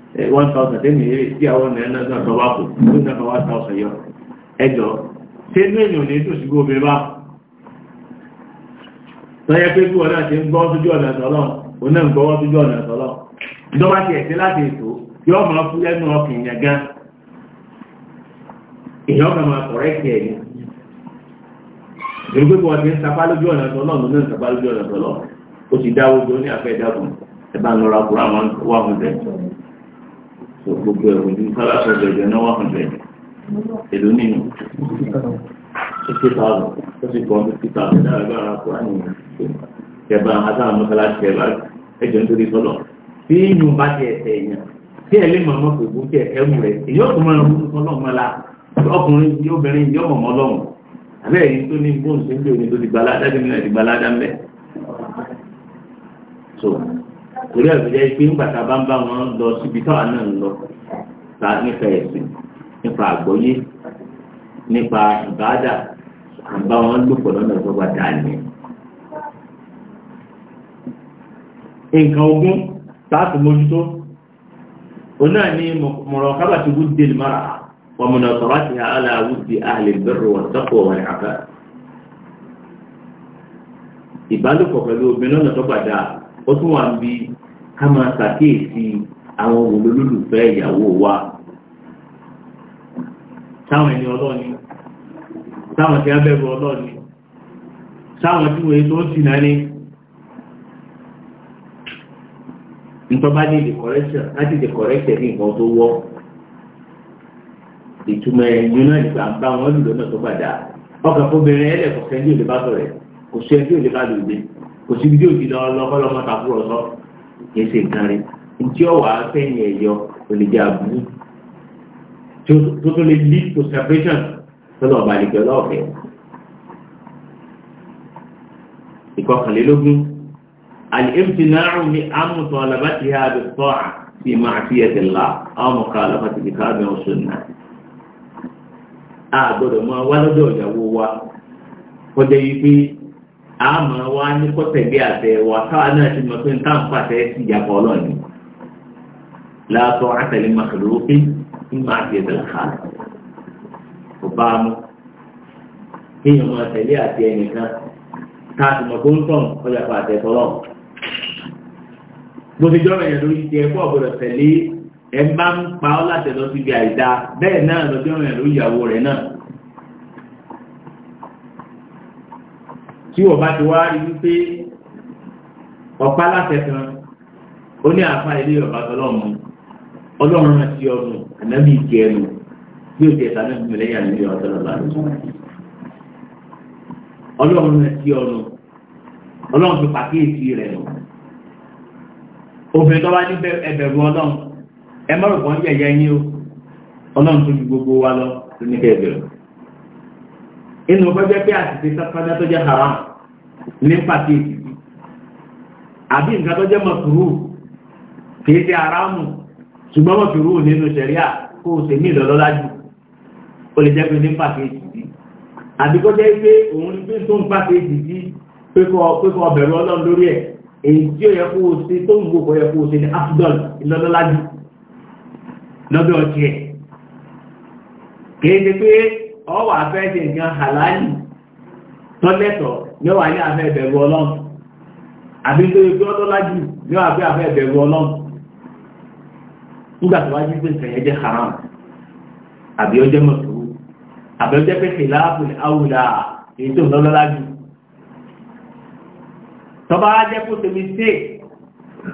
Eh, one thousand tẹ́mi eré tí àwọn ọ̀nà ẹ̀nà náà tọ́ bá kù tó ń dáfà one thousand yọ ẹjọ́ ṣé inú èèyàn ní tòṣì gbó obìnrin bá tọ́yẹ pé bí ọ̀nà ti ń gbọ́ sójú ọ̀nà ìtọ́lọ́ òun náà ń gbọ́ sójú ọ̀nà ìtọ́lọ́ ìjọba ti ẹ̀sẹ̀ láti ètò yọ ọmọ fún ẹnu ọkàn yẹn gan èèyàn kan máa kọ̀rẹ́ kí ẹ̀yìn ìlú pípọ̀ ti ń sapá lójú ọ̀nà ìtọ́lọ́ òun náà tó gbogbo ẹ̀wọ̀n ju sára sọ̀rọ̀ ẹ̀jẹ̀ náà wà hundred èlò nínú fifty thousand ó sì kọ́ fifty thousand dára gbára kó àyìn kẹba àtàwọn mọ́sálásí kẹba ẹ̀jẹ̀ nítorí sọ́lọ̀ bí yíyún bá tiẹ̀ tẹ̀ yẹn tí ẹ lé màmá kò bú tiẹ̀ ẹ̀wù rẹ̀ èyí ọ̀tún mọ́ra mú sọ́lọ̀ mọ́la ọkùnrin yóò bẹ̀rẹ̀ yóò mọ̀ mọ́lọ́hùn àbẹ́ èyí tó ní bóun ṣe ń lé òní tó ti gbalá dájú ní torí àgbẹ̀jẹ́ pé ń gbàtà bá ń bá wọn lọ síbi táwa náà ń lọ ta nípa ẹ̀sìn nípa àgbọ́yé nípa ìbáàdà àbá wọn lòpọ̀ lọ́nà tó bá dà ní. nǹkan ogún táàtù mójútó òun náà ní mọ̀rọ̀ kábàtì wúdìdè lè mara wàmùnà sọ̀rọ̀ àti àhàlà wúdìdè àhàlè bẹ̀rù wọn sọ́kọ̀ wọn àbá. ìbálòpọ̀ pẹ̀lú obìnrin lọ́nà tó bá dà ó tún wà ń bí ká máa ṣàkíyèsí àwọn olólùfẹ́ ìyàwó wa táwọn ẹni ọlọ́ni táwọn tí a bẹ̀rù ọlọ́ni táwọn tí wọ́n tó ti náà ní ìtọ́bá ní ìdíkọ̀rẹ́ṣẹ̀ láti ìdíkọ̀rẹ́ṣẹ̀ ní nǹkan tó wọ́ ìtumọ̀ ẹ̀yìn náà nípa bá wọn lùlọ náà tó bà dáa ọkàn fóbìnrin ẹlẹ́kọ̀ọ́sẹ́ ní òlébátọ̀ rẹ̀ kò sí ẹbí òlébátọ̀ rẹ̀ kò sí ibi tí òjì lọ lọ́kọ́lọ́mọ́ tàbúrọ̀ sọ́ọ̀ kìí ṣe nǹkan rẹ tí ọwọ́ afẹ́yìn ẹ̀yọ olùjẹ́ àbúrú tó tó lè lead to separation ọba ọlọ́ọ̀fẹ́ ìkọkànlélógún alìmtìnáàrùn ní àmùtọ̀ alábàtì ha bẹ̀ tọ́à sí máa fi ẹ̀tẹ̀ là àwọn ọmọkà alábàtì bí káàbẹ̀ ọ̀ṣun náà a gbọ́dọ̀ máa wá lọ́dọ̀ ìyàwó wa kọjá yìí àmọ́ wa ní kọ́tẹ̀lé àtẹ wa káwa náà ti mọ̀ pé nǹkan pàtẹ sí ìyàpọ̀ ọlọ́ọ̀ni láàtọ̀ àtẹlé màkàlóókè nígbà àti ẹ̀dẹ̀lẹ̀ ká kò bá a mú kéèyàn máa tẹ̀lé àti ẹnìkan ká a ti mọ̀ pé ń tàn ọjà pàtẹ tọ́lọ̀ bó ti jọ́ ẹ̀yàn lórí ti ẹ̀kọ́ ọ̀gbọ̀dọ̀ tẹ̀lé ẹ̀ bá ń pa ọ́ látẹ̀lọ́ síbi àìdá bẹ́ẹ̀ náà lọ́jọ́ ẹ̀yàn lórí ìyàwó rẹ̀ náà tí ọba ti wá rí wípé ọ̀pá láfẹ́ kan ó ní àfa ilé ọba tọlọ́mù ọlọ́run náà ti ọdún ànábì ìkẹ́ ẹnu bí ó ti ẹ̀ta náà fún ẹlẹ́yà nílé ọ̀tọ́ lọ́la ọlọ́run náà ti ọdún ọlọ́run fi pàkíyèsí rẹ̀ nù obìnrin tó bá ní ẹbẹ̀rù ọlọ́run ẹ mọ̀rọ̀ kan jẹ̀yẹ́ yín o ọlọ́run tó ju gbogbo wa lọ tó ní kẹ́ ẹbẹ̀rù inú kọjá pé àtìsí sápadà tó jẹ́ haram ní pàtẹ́ẹ̀tì àbí nǹkan tó jẹ́ mọ̀kúrú kìí ṣe haramu ṣùgbọ́n mọ̀kúrú nínú ṣẹ̀ríà kó o ṣe ní ìlọ́lọ́lájú ó lè jẹ́ pé ní pàtẹ́ẹ̀tì àbí kọjá pé òun ní tó ń pàtẹ́ẹ̀tì sí pé kó ọbẹ̀rù ọlọ́run lórí ẹ̀ èyí tí ó yẹ kó o ṣe tó ń gbogbo yẹ kó o ṣe ní afdol ìlọ́lọ́lájú lọ́dọ̀ ọ̀tí ọwà fẹ́ ṣe nǹkan hàlálì tọ́lẹ́tọ̀ níwà ní afẹ́ ìbẹ̀rù ọlọ́run àbí tó yẹ pé ọtọ́ lájú níwà pé afẹ́ ìbẹ̀rù ọlọ́run nígbà tó wájú pé nǹkan yẹn jẹ́ haram àbí ọjọ́ mọ̀tò àbí ọjọ́ pé kìláàfù àwùlà èyí tó lọ́lọ́ lájú tọba ajẹ́ kó tèmi sí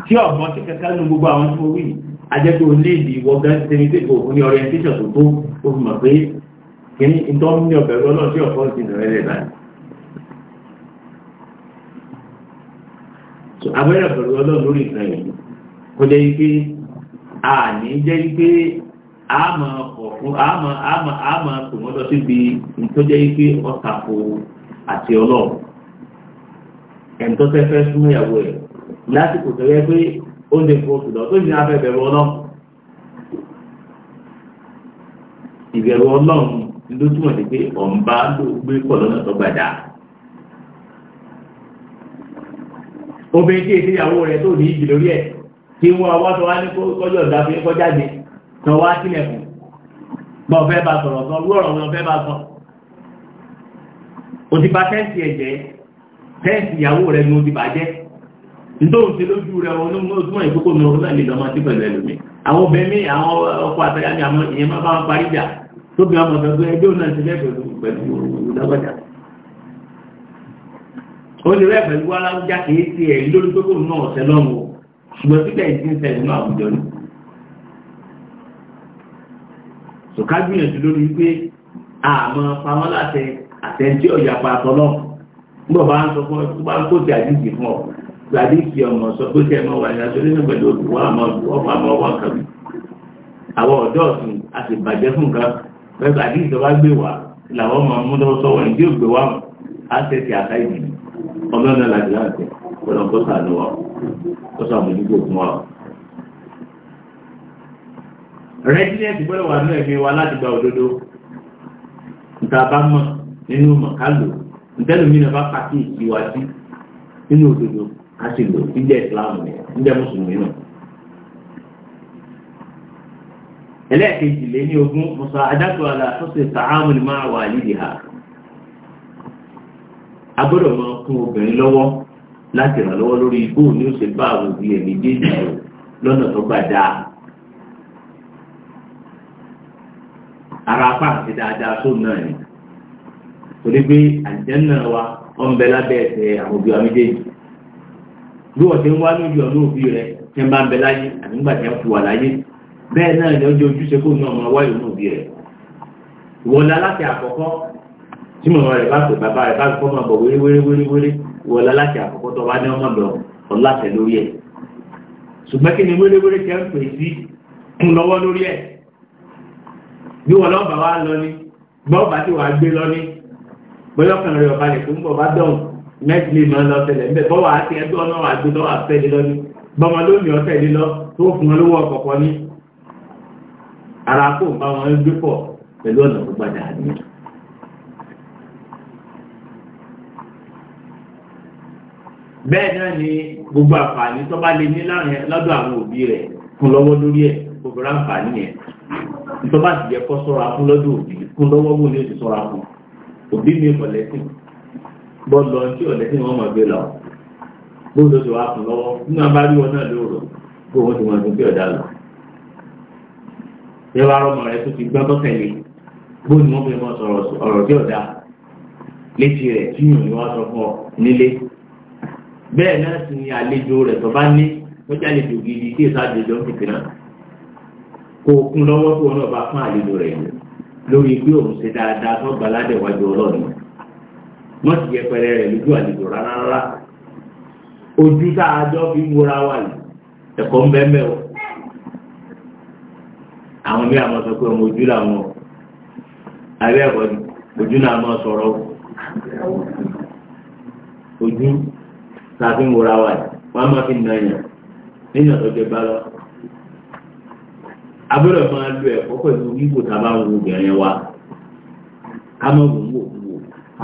tí ọ̀gbọ́n tí kankan nu gbogbo àwọn tó wí ajẹ́ tó lé ìdí ìwọ̀gán tèmi sí òfin orientation tó tó ó fi mọ̀ pé kìíní ìtọ́ ní ọ̀bẹ̀ lọ́nà tí ọ̀pọ̀ ti nà ẹ̀rẹ̀ báyìí. abẹ́rẹ́ ọ̀bẹ̀ lọ́nà lórí ìtàn yìí kó jẹ́ pé a ní jẹ́ pé a mọ̀ ọ̀fún a mọ̀ a mọ̀ a mọ̀ tò wọ́n lọ síbi tó jẹ́ pé ọ̀tàkù àti ọlọ́ọ̀ ẹ̀ń tó fẹ́ fẹ́ súnmọ́ ló túmọ̀ sí pé ọ̀nba ló gbé pọ̀ lọ́nà tó gbàdá. obìnrin tí èsì ìyàwó rẹ̀ tó ní ìjì lórí ẹ̀ kí wọ́n wá sọ wá ní kọjọ́ ọ̀dà fi kọjá dé sọ wá sílẹ̀kùn bọ́ fẹ́ bá sọ̀rọ̀ sọ wú ọ̀rọ̀ wọn fẹ́ bá sọ. o ti bà tẹ́ǹsì ẹ̀jẹ̀ tẹ́ǹsì ìyàwó rẹ̀ ni o ti bàjẹ́ nítorí ti lójú rẹ̀ wọn ní o túmọ̀ ìkókó mi òun náà lè lọ́mọ sí pẹ̀lú ẹlòmíì àwọn obìnrin àwọn ọkọ̀ àtàyà ni àwọn ìyẹn máa bá wọn tó bí ọmọ ọ̀gbẹ̀gbẹ̀ ẹgbẹ́ òun náà ti lẹ́ pẹ̀lú pẹ̀lú ìdágbàjá ó lè rẹ́ pẹ̀lú aláwùjá kìí ti ẹ̀ lórí pé kóun náà ọ̀sẹ̀ lọ́wọ́ ṣùgbọ́n síbẹ̀ ìdí ń ṣẹlẹ̀ nínú àwùjọ ni ṣùká gbìyànjú lórí pé àmọ́ pamọ́ láti àtẹ̀jẹ́ ọ̀yà pàtó náà nígbà bá ń sọ fún ọ tó bá ń kó ti àdíjì fún ọ gbàdí fi ọmọ sọ pé kẹ́ ẹ máa wà ní aṣọ nínú pẹ̀lú òdùwọ́ àmọ́ ọmọ ọmọ kan àwọn ọ̀dọ́ ọ̀sìn a sì bàjẹ́ fún nǹkan pẹ̀lú àdí ìjọba gbé wá làwọn ọmọ múlọ́wọ́ sọ́wọ́ ìdí ògbé wá àtẹ̀tẹ̀ àká ìdì ọlọ́nà làdí láti pẹ̀lú ọkọ̀sà lọ́wọ́ ọkọ̀sà mọ̀lúgbò fún wa. rẹ́sílẹ̀tì gbọ́dọ̀ wà nínú ẹ̀mí wa láti gba òdodo nta bá mọ̀ nínú mọ̀kálò ntẹ́lómi náà bá pàkíyèsí wa sí nínú òdodo ká sì lò níjẹ́ ìsìlámù níjẹ́ mùsùlùmí náà. ẹlẹ́ẹ̀kejì lé ní ogún musa adájọ́ aláàtúnṣe tààmù ní máa wà lídìí ha a gbọ́dọ̀ máa obìnrin lọ́wọ́ láti ràn lọ́wọ́ lórí igbó ní ó ṣe bá òbí ẹ̀mí déjì rẹ̀ lọ́nà tó gbà dáa ara apá àti dáadáa tó náà ni torí pé àjẹ́nà wa ọ̀n bẹ lábẹ́ ẹ̀sẹ̀ àwọn bí wọ́n ti ń wá lójú ọ̀nà òbí rẹ̀ ń bá bẹ́ẹ̀ náà ni ó jẹ́ ojúṣe kó náà máa wáyé inú bí rẹ̀ wọlé aláṣẹ àkọ́kọ́ tí màmá rẹ̀ bá pè bàbá rẹ̀ bá fi kọ́ máa bọ̀ wéré wéré wéré wéré wọlé aláṣẹ àkọ́kọ́ tó bá ní ọmọ bọ̀ ọláṣẹ lórí ẹ̀ ṣùgbọ́n kí ni wéré wéré tẹ́ ń pè sí kún lọ́wọ́ lórí ẹ̀ bí wọn lọ́ba wa lọ ní gbọ́ọ̀bá tí wàá gbé lọ ní bọ́yọ̀kan rẹ̀ ọba lè fún bọ̀bá dọ̀hùn mẹ́tì lè lọ ara kó nǹkan wọn gbé pọ̀ pẹ̀lú ọ̀nà tó gbàdá ni. bẹ́ẹ̀ náà ni gbogbo àǹfààní tó bá lè ní lọ́dọ̀ àwọn òbí rẹ̀ kún lọ́wọ́ lórí ẹ̀ gbogbo àǹfààní yẹn tó bá ti yẹ kó sọ́ra fún lọ́dọ̀ òbí kún lọ́wọ́ bó lè ti sọ́ra fún òbí mi kọ̀lẹ́sìn bọ́ lọ sí ọ̀lẹ́sìn wọn mọ̀ gbé lọ bó ló ti wá fún lọ́wọ́ nínú abáríwọ náà lóòrò bó wọ́n ti mọ̀ ní ọ̀dà lọ ẹwà ọmọ rẹ tó ti gbọ́ tó tẹ̀lé bó ni wọ́n fi mọ sọ̀rọ̀ ọ̀rọ̀ tí ọ̀dà létí rẹ̀ tí yìnyín ni wọ́n sọ fún ọ nílé bẹ́ẹ̀ náà sì ni àlejò rẹ̀ tó bá ní wọ́n jáde jò gidi tí èso àjèjọ ń tètè náà kó o kún lọ́wọ́ tó wọn náà bá fún àlejò rẹ̀ yìí lórí pé òun ṣe dáadáa tó gbaládẹ̀ wájú ọlọ́run wọ́n ti yẹpẹrẹ rẹ̀ lójú àlejò rárá ojú tá a jọ fi wúra wà yìí ẹ̀kọ́ ń bẹ́ẹ̀ mẹ́wọ̀ àwọn mí àmọ́ sọ pé ọmọ ojú làwọn abẹ́ ẹ̀kọ́ ni ojú náà mọ́ sọ̀rọ̀ ojú tàbí ń wòra wà wọ́n máa fi nà yàn nínú ọ̀dọ́jọ́ bá lọ. abúlé máa lo ẹ̀kọ́ pẹ̀lú wíwò tá a bá ń wo obìnrin wa ká má wò ń wò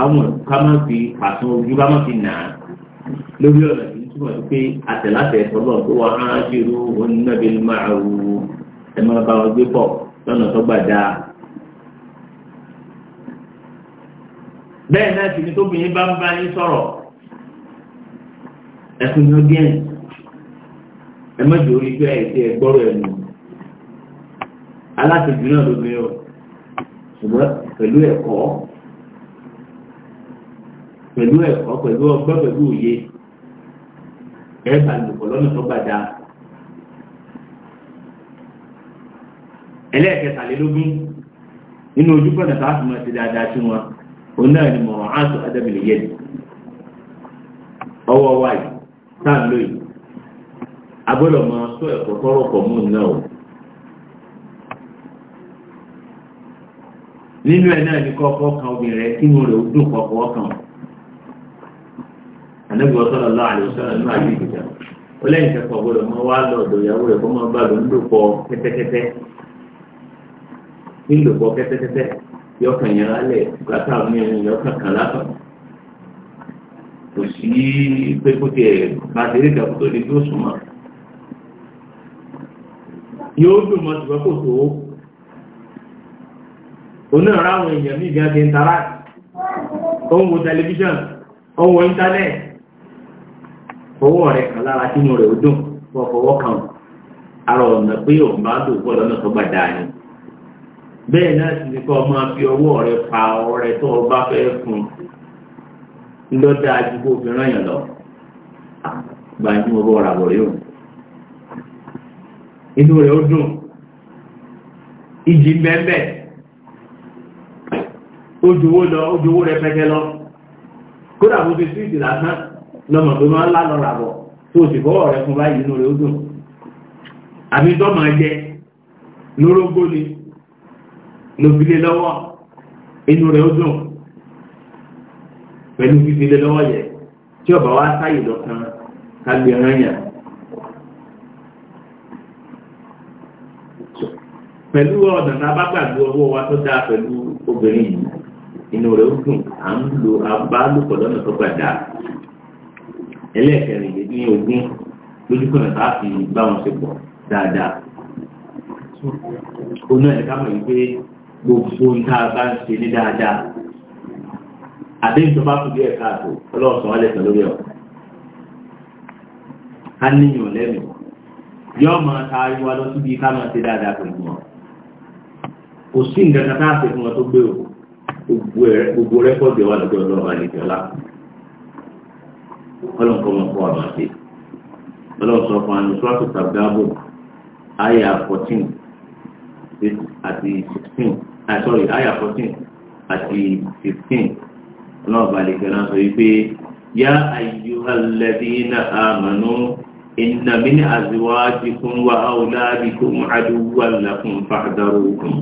wò ká má fi pàṣẹ ojú ká má fi nà á lórí ọ̀nà tí túmọ̀ sí pé àtẹ̀láṣẹ ẹ̀sọ́ náà tó wà á ṣe irú òun máa wò ó ẹ máa bá wọn gbé pọ̀ lọ́nà tó gbà dáa. bẹ́ẹ̀ náà sì ni tóbìnrin bá ń bá yín sọ̀rọ̀ ẹkùn yóò díẹ̀ ẹ má jòrò ìgbé ẹ̀sẹ̀ ẹgbọ́rọ̀ ẹ̀nu aláṣejù náà ló bẹ̀rẹ̀ ṣùgbọ́n pẹ̀lú ẹ̀kọ́ pẹ̀lú ẹ̀kọ́ pẹ̀lú ọgbọ́n pẹ̀lú òye ẹ̀ bá lùkọ́ lọ́nà tó gbà dáa. ẹlẹ́ẹ̀kẹtàlélógún nínú ojúkọ̀nà tá a fi ti dáadáa sí wọn òun náà ni mọ̀ràn áàtò ádámìlì yẹn ọwọ́ wa yìí tá agbọ́dọ̀ sọ ẹ̀kọ́ tọ́rọ̀ pọ̀ o. nínú ẹ̀ náà ní kọ́kọ́ kan obìnrin kí inú rẹ̀ dùn kọ́kọ́ kan ànábì sallallahu alaihi wasallam nínú àyè ìgbìjà ó lẹ́yìn kẹfọ́ wá ní ìlòpọ̀ kẹ́tẹ́kẹ́tẹ́ yọkàn yẹn lálẹ̀ bùkátà mi yọkàn kan lásán kò sí pé kó tiẹ̀ bàtẹ́rì kan tó ní tó súnmọ́ yóò dùn mọ́ ṣùgbọ́n kò tó oníranra àwọn èèyàn ní ìgbà kẹta rà ó ń wo tẹlifíṣàn ó ń wo fọwọ́ rẹ̀ kan lára rẹ̀ ó dùn fọwọ́ kan ara bẹ́ẹ̀ náà sì ni kọ́ máa fi ọwọ́ rẹ pa ọrẹ tó o bá fẹ́ fún un lọ́dà àdúgbò fi ràn yàn lọ gbajú ọwọ́ rà bọ̀ yóò inú rẹ̀ ó dùn ìjì mẹ́mẹ́ ojúwó lọ ojúwó rẹpẹtẹ lọ kódà bó ti síìtì lásán lọmọ tó máa ń lá lọ rà bọ̀ tó o sì fọwọ́ rẹ fún báyìí inú rẹ̀ ó dùn àbí tó jẹ lórógbó ni ló lọwọ lọ́wọ́ inú rẹ̀ ó dùn pẹ̀lú fífi lọ́wọ́ yẹ tí ọba wa sáyè lọ́kàn ẹran pẹ̀lú ọ̀nà tá a bá ọwọ́ wa tó dáa pẹ̀lú obìnrin yìí inú rẹ̀ ó dùn à ń lo abálòpọ̀ lọ́nà tó gbà dáa ẹlẹ́ẹ̀kẹrin ní ogún lójúkọ̀nà gbogbo nta bá ń ṣe ní dáadáa àbí nítorí bá kú bí ẹ̀ka àtò ọlọ́ọ̀sán wálé pẹ̀lú rẹ̀ ọ̀ ká níyàn lẹ́nu yóò máa ta ariwo lọ síbi ká máa ṣe dáadáa pẹ̀lú wọn kò sí nǹkan kan tá a fún wọn tó gbé o gbogbo rẹ́kọ̀dì wà lọ́dọ̀ ọlọ́run àlejò wọn kọ́ àwọn àti fourteen àti sixteen. àìsọ̀rọ̀ ah, àyà fourteen àti fifteen náà balẹ̀ kẹ́lá sọ wípé yá ayyuhalladhina amanu inna min azwajikum wa awladikum aduwwan lakum fahdharuhum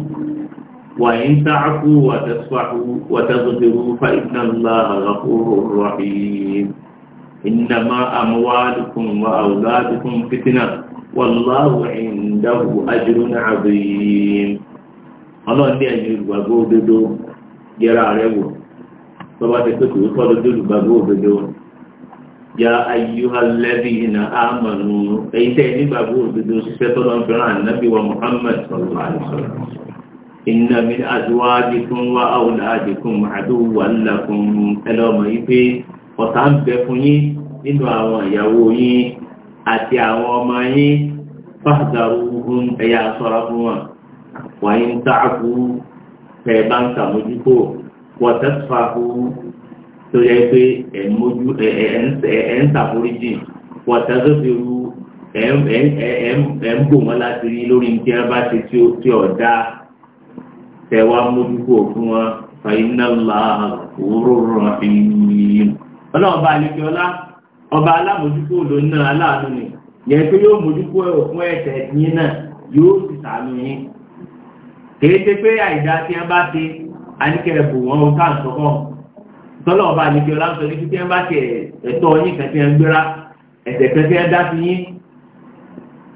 wa in ta'fu wa tasfahu wa taghfiru fa inna Allaha ghafurur rahim innama amwalukum wa awladukum fitna wallahu indahu ajrun 'azim ọlọ́run ní ẹ̀yin olùgbàgbọ́ òdodo yẹra rẹ wò tọ́ba ti pé kìí kọ́ lójú olùgbàgbọ́ òdodo ya ayyuhalladhina amanu èyí tẹ́ ẹ nígbàgbọ́ òdodo ṣiṣẹ́ tọ́lọ́ ń fẹ́ràn ànábì wa Muhammad sallallahu alaihi wasallam inna min azwajikum wa awladikum aduwwan lakum ẹlọ́mọ yìí pé ọ̀tá ń bẹ fún yín nínú àwọn ìyàwó yín àti àwọn ọmọ yín fáhàdàrú ogun ẹ̀yà sọ́ra fún wọn wàyí ń tààkù tẹ bá ń sàmójúkò wọ́tẹ́sífàkù tó yẹ pé ẹ̀ ń sàforíjì wọ́tẹ́sífìrú ẹ̀ ń bò wọ́n láti rí lórí tí wọ́n bá ti tí ọ̀ dá tẹ wá mójúkò fún wọn fàyínàlá òwúrò rọ̀hìn. ọlọ́ọ̀bá àlejò ọlá ọba alámòjúkò lónìí aláàánú ni yẹ pé yóò mójúkò fún ẹ̀tẹ̀ yín náà yóò sì sàánú yín kéèké pé àìdá tí wọ́n bá ti àníkẹ́ bù wọ́n ohun tá à ń sọ fọ́ tọ́lọ̀ ọba àníkẹ́ ọláńsọ ní títí wọ́n bá ti ẹ̀tọ́ yín kan tí wọ́n gbéra ẹ̀sẹ̀ kan tí wọ́n dá sí yín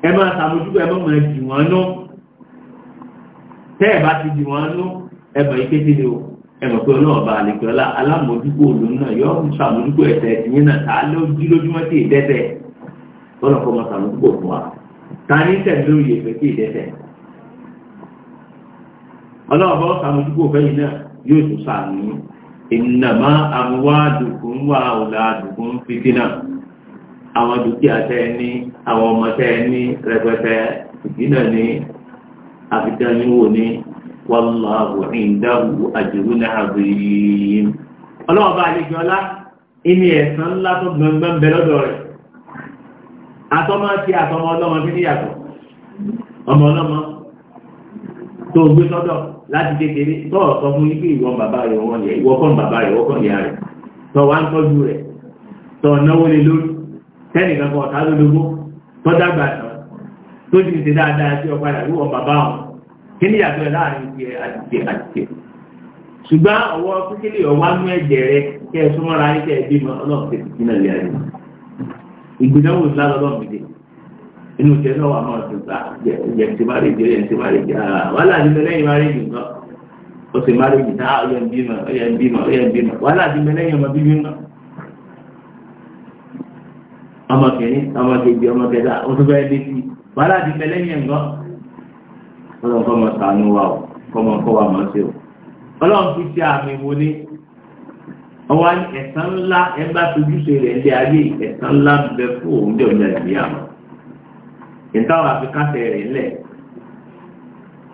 ẹ máa sàmójúkọ ẹ mọ̀mọ́ jì wọ́n nú tẹ́ ẹ̀ bá ti jì wọ́n nú ẹ mọ̀ ike ti ni o ẹ mọ̀ pé ọlọ́run ọba àníkẹ́ ọlá alámójúkọ òun náà yọ sàmójúkọ ẹ̀sẹ̀ yín ọlọ́run bọ́ sàmójúkò fẹ́yìn náà yóò tún sàánú ìnàmá àmúwádùkún wà ọ̀làdùkún fìtínà àwọn dúkìá tẹ́ ní àwọn ọmọ tẹ́ ní rẹpẹtẹ fìtínà ní àfitáníwò ní wàláhù ìndáhù àjùrúnà àbìyìn ọlọ́run bá àlejò ọlá ìní ẹ̀sán ńlá tó lọ́dọ̀ rẹ̀ àtọmọ ti láti kékeré tọ́ọ̀ sọ fún ibi ìwọ bàbá rẹ̀ wọ́n yẹ ìwọ kọ́ bàbá rẹ̀ wọ́n kọ́ yà rẹ̀ tọ́ wá ń tọ́jú rẹ̀ tọ́ náwó lé lórí tẹ́nìkan kan ọ̀tá lólobó tọ́ dàgbà tán tó ti ṣe dáadáa sí ọ padà wíwọ bàbá wọn kí ni yàtọ̀ láàrin ti àtìkè àtìkè ṣùgbọ́n ọwọ́ kékeré ọwá nú ẹ̀jẹ̀ rẹ kẹ́ ẹ súnmọ́ra ayé kẹ́ ẹ bímọ ọlọ́run tètè inú tẹ náà wà máa dùn gbà yẹn ti má rèjì yẹn ti má rèjì ah, wàhálà ní mẹlẹ́yìn má rèjì nǹkan ó sì má rèjì tá ah, ọyẹ ń bímọ ọyẹ ń bímọ ọyẹ ń bímọ wàhálà ní mẹlẹ́yìn ọmọ bíbí nǹkan ọmọ kìíní ọmọ kejì ọmọ kẹta ó tún fẹ́ dé sí wàhálà ní mẹlẹ́yìn nǹkan ọlọ́run kọ́ mọ sànú wa o kọ́ mọ kọ́ wa mọ́ sí o ọlọ́run fi ṣe àmì wọlé ọwọ́ ẹ̀sán ńlá ẹ bá tojúṣe ń ìtawọ̀ àfikàtẹ̀ rẹ̀ ńlẹ̀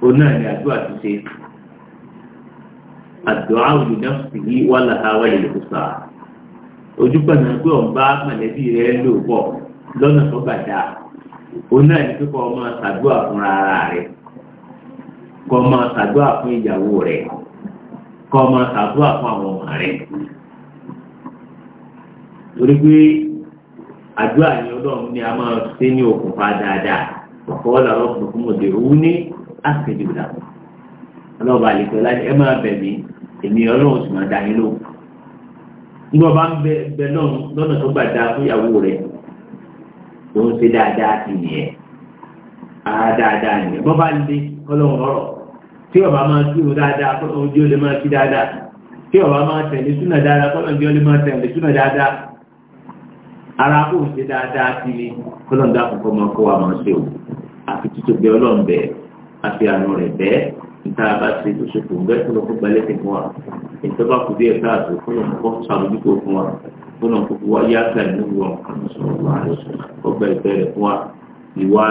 òun náà ni àdúrà ti ṣe àdúrà òjò náà sì yí wà láhàwá lè kó sá ojú pẹ̀lú pé òun bá mọ̀lẹ́bí rẹ̀ lò pọ̀ lọ́nà tó bàjá òun náà ni kíkọ́ ọmọ ṣàdúrà fúnra ara rẹ̀ kọ́ ọmọ ṣàdúrà fún ìyàwó rẹ̀ kọ́ ọmọ ṣàdúrà fún àwọn ọmọ rẹ̀ torí pé àdúrà ni ọlọ́run ni a máa ṣe ní okùnfà dáadáa ọ̀pọ̀ ọ̀làrọ̀ fún òde òun ní àṣejù ìdààmú ọlọ́ọ̀bà àlejò láti ẹ máa bẹ̀ mí èmi ọlọ́run sì máa dá yín lóhùn nígbà bá ń bẹ bẹ lọ́run lọ́nà tó gbà dáa fún ìyàwó rẹ̀ tó ń ṣe dáadáa sí nìyẹn ara dáadáa nìyẹn bọ́ bá lé ọlọ́run lọ́rọ̀ tí ọba máa túrò dáadáa kọ́lọ́run jẹ́ ó lè máa kí dáadáa tí ọba máa tẹ̀lé súnà dáadáa kọ́lọ́run jẹ́ ó lè máa tẹ̀lé súnà dáadáa ara kò ṣe dáadáa sí i kọ́lọ́n dá kọ́kọ́ máa kọ́ wa máa ṣe o àfi títí bẹ ọlọ́run bẹ àfi àánú rẹ̀ bẹ níta bá ṣe tó ṣokò ń bẹ kọ́lọ́n kó gbalẹ̀ sí fún wa ètò bá kú díẹ̀ káàtó kọ́lọ́n kó sàmójútó fún wa kọ́lọ́n kó wá yá ká ìlú wọn kàn sọ̀rọ̀ wá rẹ̀ ọgbà ìfẹ́ rẹ̀ fún wa ìwà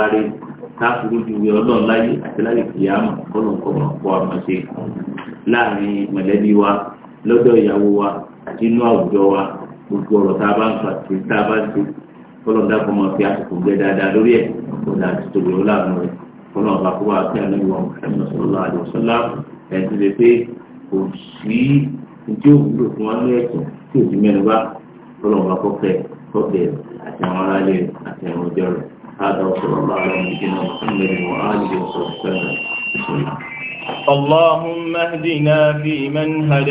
rẹ̀ gbogbo ọ̀rọ̀ tá a bá ń fà sí tá a bá ń ṣe kọ́lọ̀ dá kọ́ máa fi àsìkò gbé dáadáa lórí ẹ̀ kó dáa ti tóbi ó láàánú rẹ̀ kọ́lọ̀ bá kó wá sí àlejò àwọn ẹ̀mọ́ sọ̀rọ̀ àdìọ́ sọ́lá ẹ̀ ti lè pé kò sí ìdí òwúrò fún wa ní ẹ̀sùn tí ò sí bá kọ́lọ̀ bá kọ́ fẹ́ kọ́ bẹ̀ àti àwọn aráàlẹ̀ àti àwọn ọjọ́ rẹ̀ هذا وصلى الله على نبينا محمد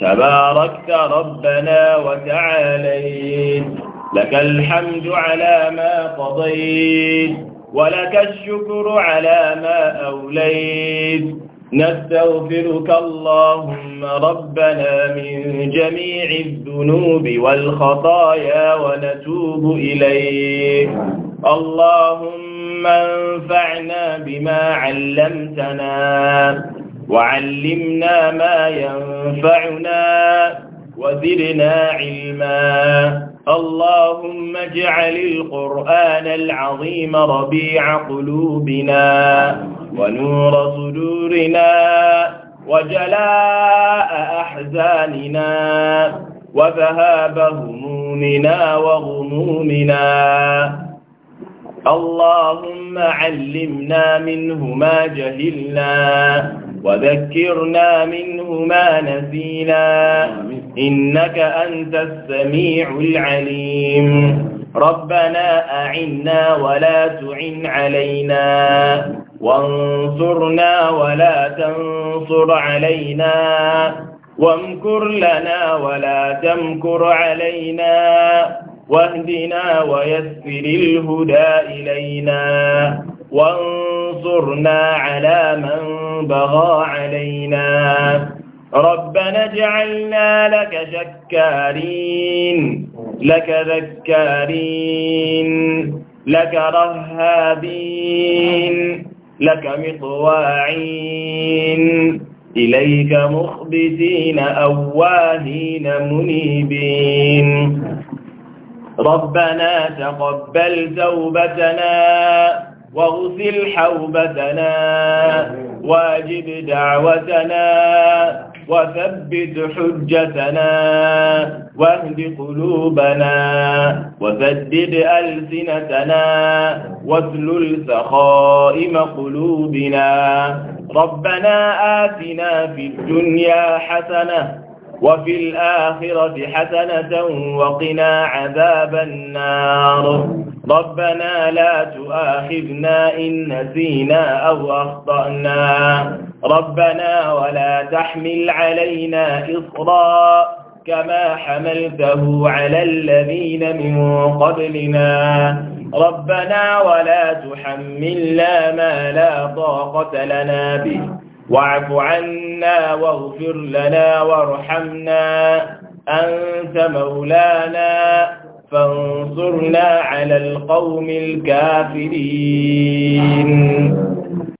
تباركت ربنا وتعاليت لك الحمد على ما قضيت ولك الشكر على ما أوليت نستغفرك اللهم ربنا من جميع الذنوب والخطايا ونتوب إليك اللهم انفعنا بما علمتنا وعلمنا ما ينفعنا وزدنا علما اللهم اجعل القرآن العظيم ربيع قلوبنا ونور صدورنا وجلاء أحزاننا وذهاب همومنا وغمومنا اللهم علمنا منه ما جهلنا وذكرنا منه ما نسينا إنك أنت السميع العليم ربنا أعنا ولا تعن علينا وانصرنا ولا تنصر علينا وامكر لنا ولا تمكر علينا واهدنا ويسر الهدى إلينا وانصرنا على من بغى علينا ربنا اجعلنا لك شكارين لك ذكارين لك رهابين لك مطواعين إليك مخبتين أواهين منيبين ربنا تقبل توبتنا واغسل حوبتنا واجب دعوتنا وثبت حجتنا واهد قلوبنا وسدد ألسنتنا واسلل سخائم قلوبنا ربنا آتنا في الدنيا حسنة وفي الآخرة حسنة وقنا عذاب النار ربنا لا تؤاخذنا إن نسينا أو أخطأنا ربنا ولا تحمل علينا إصرا كما حملته على الذين من قبلنا ربنا ولا تحملنا ما لا طاقة لنا به واعف عنا واغفر لنا وارحمنا أنت مولانا فانصرنا على القوم الكافرين